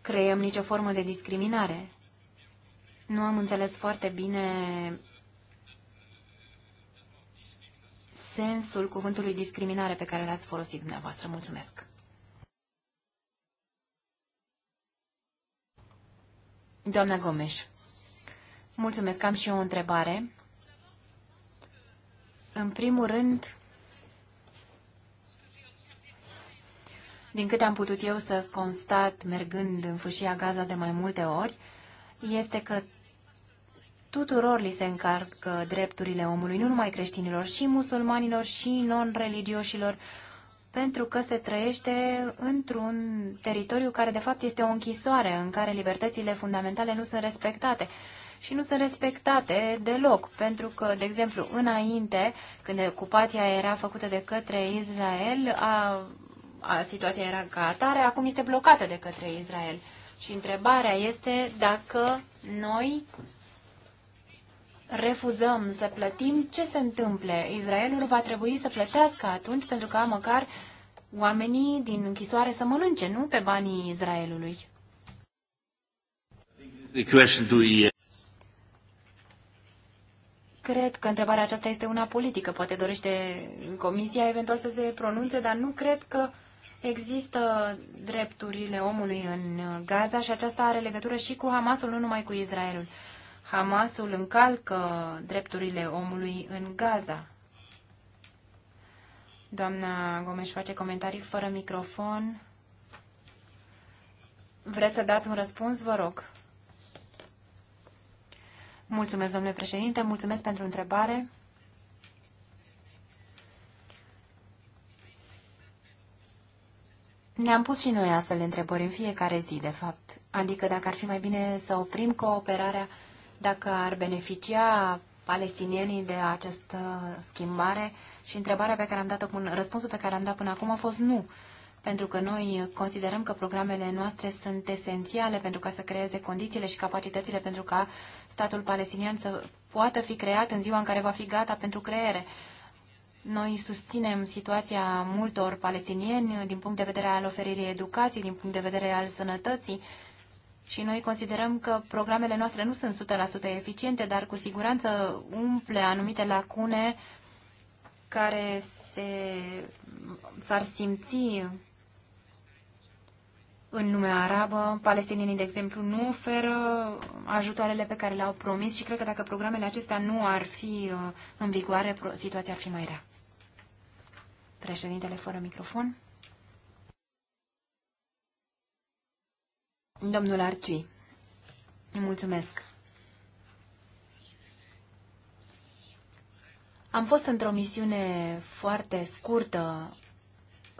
creăm nicio formă de discriminare. Nu am înțeles foarte bine sensul cuvântului discriminare pe care l-ați folosit dumneavoastră. Mulțumesc! Doamna Gomes. Mulțumesc, am și eu o întrebare. În primul rând, din câte am putut eu să constat mergând în fâșia Gaza de mai multe ori, este că tuturor li se încarcă drepturile omului, nu numai creștinilor, și musulmanilor, și non-religioșilor, pentru că se trăiește într-un teritoriu care de fapt este o închisoare, în care libertățile fundamentale nu sunt respectate și nu sunt respectate deloc, pentru că, de exemplu, înainte, când ocupația era făcută de către Israel, a, a, situația era ca atare, acum este blocată de către Israel. Și întrebarea este dacă noi refuzăm să plătim, ce se întâmple? Israelul va trebui să plătească atunci pentru ca măcar oamenii din închisoare să mănânce, nu pe banii Israelului cred că întrebarea aceasta este una politică. Poate dorește Comisia eventual să se pronunțe, dar nu cred că există drepturile omului în Gaza și aceasta are legătură și cu Hamasul, nu numai cu Israelul. Hamasul încalcă drepturile omului în Gaza. Doamna Gomes face comentarii fără microfon. Vreți să dați un răspuns? Vă rog. Mulțumesc, domnule președinte, mulțumesc pentru întrebare. Ne-am pus și noi astfel de întrebări în fiecare zi, de fapt. Adică dacă ar fi mai bine să oprim cooperarea, dacă ar beneficia palestinienii de această schimbare și întrebarea pe care am dat-o, răspunsul pe care am dat până acum a fost nu pentru că noi considerăm că programele noastre sunt esențiale pentru ca să creeze condițiile și capacitățile pentru ca statul palestinian să poată fi creat în ziua în care va fi gata pentru creere. Noi susținem situația multor palestinieni din punct de vedere al oferirii educației, din punct de vedere al sănătății și noi considerăm că programele noastre nu sunt 100% eficiente, dar cu siguranță umple anumite lacune care se, s-ar simți în lumea arabă. Palestinienii, de exemplu, nu oferă ajutoarele pe care le-au promis și cred că dacă programele acestea nu ar fi uh, în vigoare, situația ar fi mai rea. Președintele fără microfon. Domnul Arciui, mulțumesc. Am fost într-o misiune foarte scurtă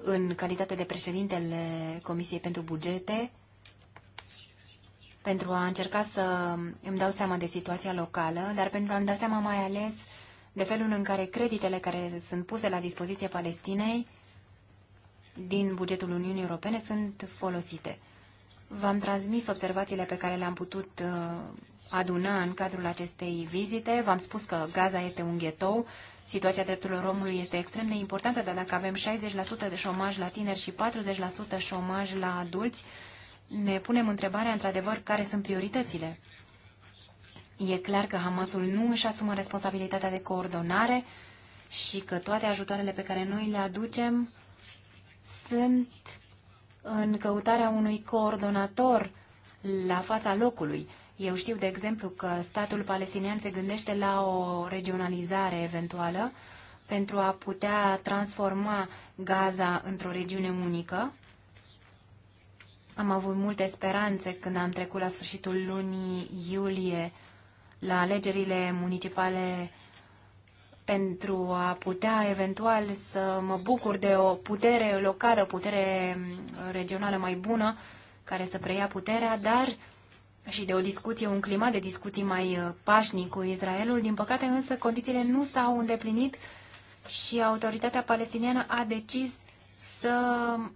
în calitate de președintele Comisiei pentru Bugete pentru a încerca să îmi dau seama de situația locală, dar pentru a-mi da seama mai ales de felul în care creditele care sunt puse la dispoziție Palestinei din bugetul Uniunii Europene sunt folosite. V-am transmis observațiile pe care le-am putut uh, aduna în cadrul acestei vizite. V-am spus că Gaza este un ghetou Situația drepturilor omului este extrem de importantă, dar dacă avem 60% de șomaj la tineri și 40% șomaj la adulți, ne punem întrebarea, într-adevăr, care sunt prioritățile. E clar că Hamasul nu își asumă responsabilitatea de coordonare și că toate ajutoarele pe care noi le aducem sunt în căutarea unui coordonator la fața locului. Eu știu, de exemplu, că statul palestinian se gândește la o regionalizare eventuală pentru a putea transforma Gaza într-o regiune unică. Am avut multe speranțe când am trecut la sfârșitul lunii iulie la alegerile municipale pentru a putea eventual să mă bucur de o putere locală, putere regională mai bună care să preia puterea, dar și de o discuție, un climat de discuții mai uh, pașnic cu Israelul. Din păcate însă condițiile nu s-au îndeplinit și autoritatea palestiniană a decis să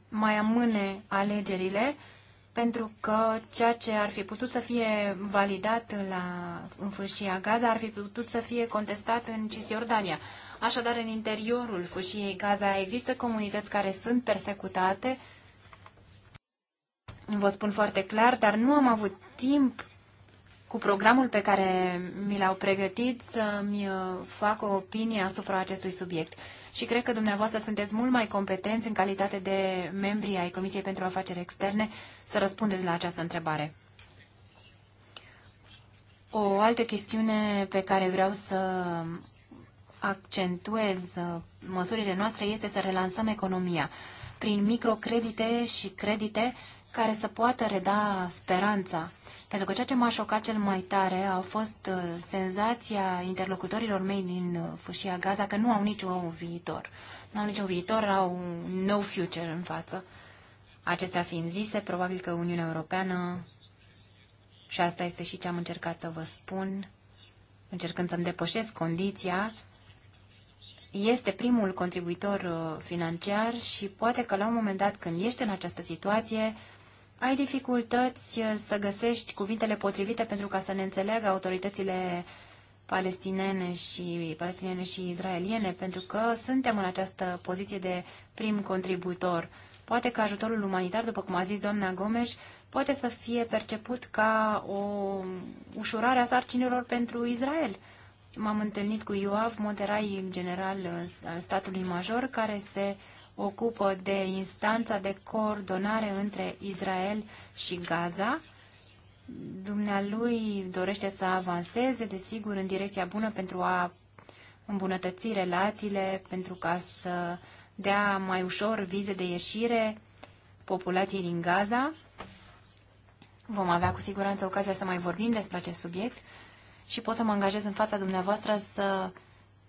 mai amâne alegerile pentru că ceea ce ar fi putut să fie validat la, în fâșia Gaza ar fi putut să fie contestat în Cisjordania. Așadar, în interiorul fâșiei Gaza există comunități care sunt persecutate, vă spun foarte clar, dar nu am avut timp cu programul pe care mi l-au pregătit să-mi uh, fac o opinie asupra acestui subiect. Și cred că dumneavoastră sunteți mult mai competenți în calitate de membri ai Comisiei pentru Afaceri Externe să răspundeți la această întrebare. O altă chestiune pe care vreau să accentuez uh, măsurile noastre este să relansăm economia prin microcredite și credite care să poată reda speranța. Pentru că ceea ce m-a șocat cel mai tare a fost uh, senzația interlocutorilor mei din uh, Fâșia Gaza că nu au niciun viitor. Nu au niciun viitor, au no future în față. Acestea fiind zise, probabil că Uniunea Europeană, și asta este și ce am încercat să vă spun, încercând să-mi depășesc condiția, este primul contribuitor uh, financiar și poate că la un moment dat când ești în această situație, ai dificultăți eh, să găsești cuvintele potrivite pentru ca să ne înțeleagă autoritățile palestinene și palestinene și izraeliene, pentru că suntem în această poziție de prim contributor. Poate că ajutorul umanitar, după cum a zis doamna Gomes, poate să fie perceput ca o ușurare a sarcinilor pentru Israel. M-am întâlnit cu Ioav Monterai, general eh, al statului major, care se uh, ocupă de instanța de coordonare între Israel și Gaza. Dumnealui dorește să avanseze, desigur, în direcția bună pentru a îmbunătăți relațiile, pentru ca să dea mai ușor vize de ieșire populației din Gaza. Vom avea cu siguranță ocazia să mai vorbim despre acest subiect și pot să mă angajez în fața dumneavoastră să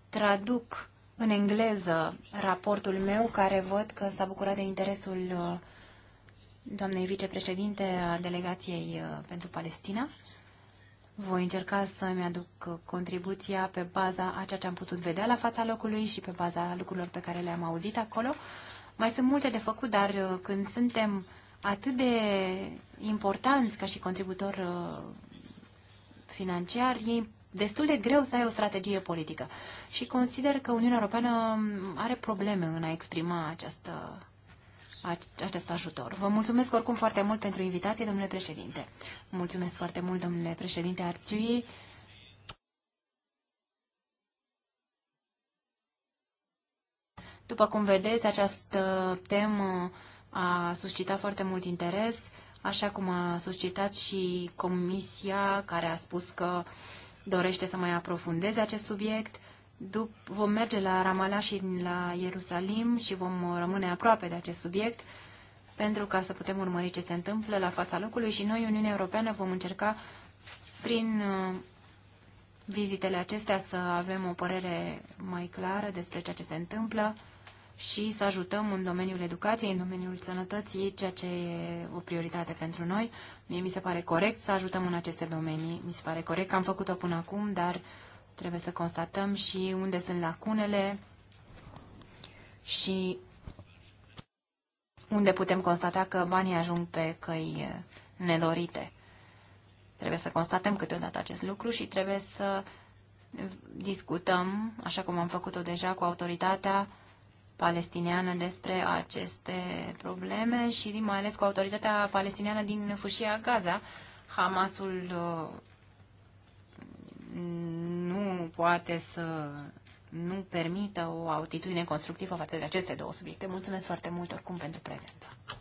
traduc în engleză raportul meu, care văd că s-a bucurat de interesul uh, doamnei vicepreședinte a Delegației uh, pentru Palestina. Voi încerca să-mi aduc uh, contribuția pe baza a ceea ce am putut vedea la fața locului și pe baza lucrurilor pe care le-am auzit acolo. Mai sunt multe de făcut, dar când suntem atât de importanți ca și contributor financiar, e destul de greu să ai o strategie politică. Și consider că Uniunea Europeană are probleme în a exprima această, acest ajutor. Vă mulțumesc oricum foarte mult pentru invitație, domnule președinte. Mulțumesc foarte mult, domnule președinte Arciui. După cum vedeți, această temă a suscitat foarte mult interes, așa cum a suscitat și comisia care a spus că uh, dorește să mai aprofundeze acest subiect. Dup- vom merge la Ramallah și la Ierusalim și vom rămâne aproape de acest subiect pentru ca să putem urmări ce se întâmplă la fața locului și noi, Uniunea Europeană, vom încerca prin uh, vizitele acestea să avem o părere mai clară despre ceea ce se întâmplă și să ajutăm în domeniul educației, în domeniul sănătății, ceea ce e o prioritate pentru noi. Mie mi se pare corect să ajutăm în aceste domenii. Mi se pare corect că am făcut-o până acum, dar trebuie să constatăm și unde sunt lacunele și unde putem constata că banii ajung pe căi nedorite. Trebuie să constatăm câteodată acest lucru și trebuie să discutăm, așa cum am făcut-o deja cu autoritatea, palestiniană despre aceste probleme și mai ales cu autoritatea palestiniană din fâșia Gaza. Hamasul uh, nu poate să nu permită o atitudine constructivă față de aceste două subiecte. Mulțumesc foarte mult oricum pentru prezență.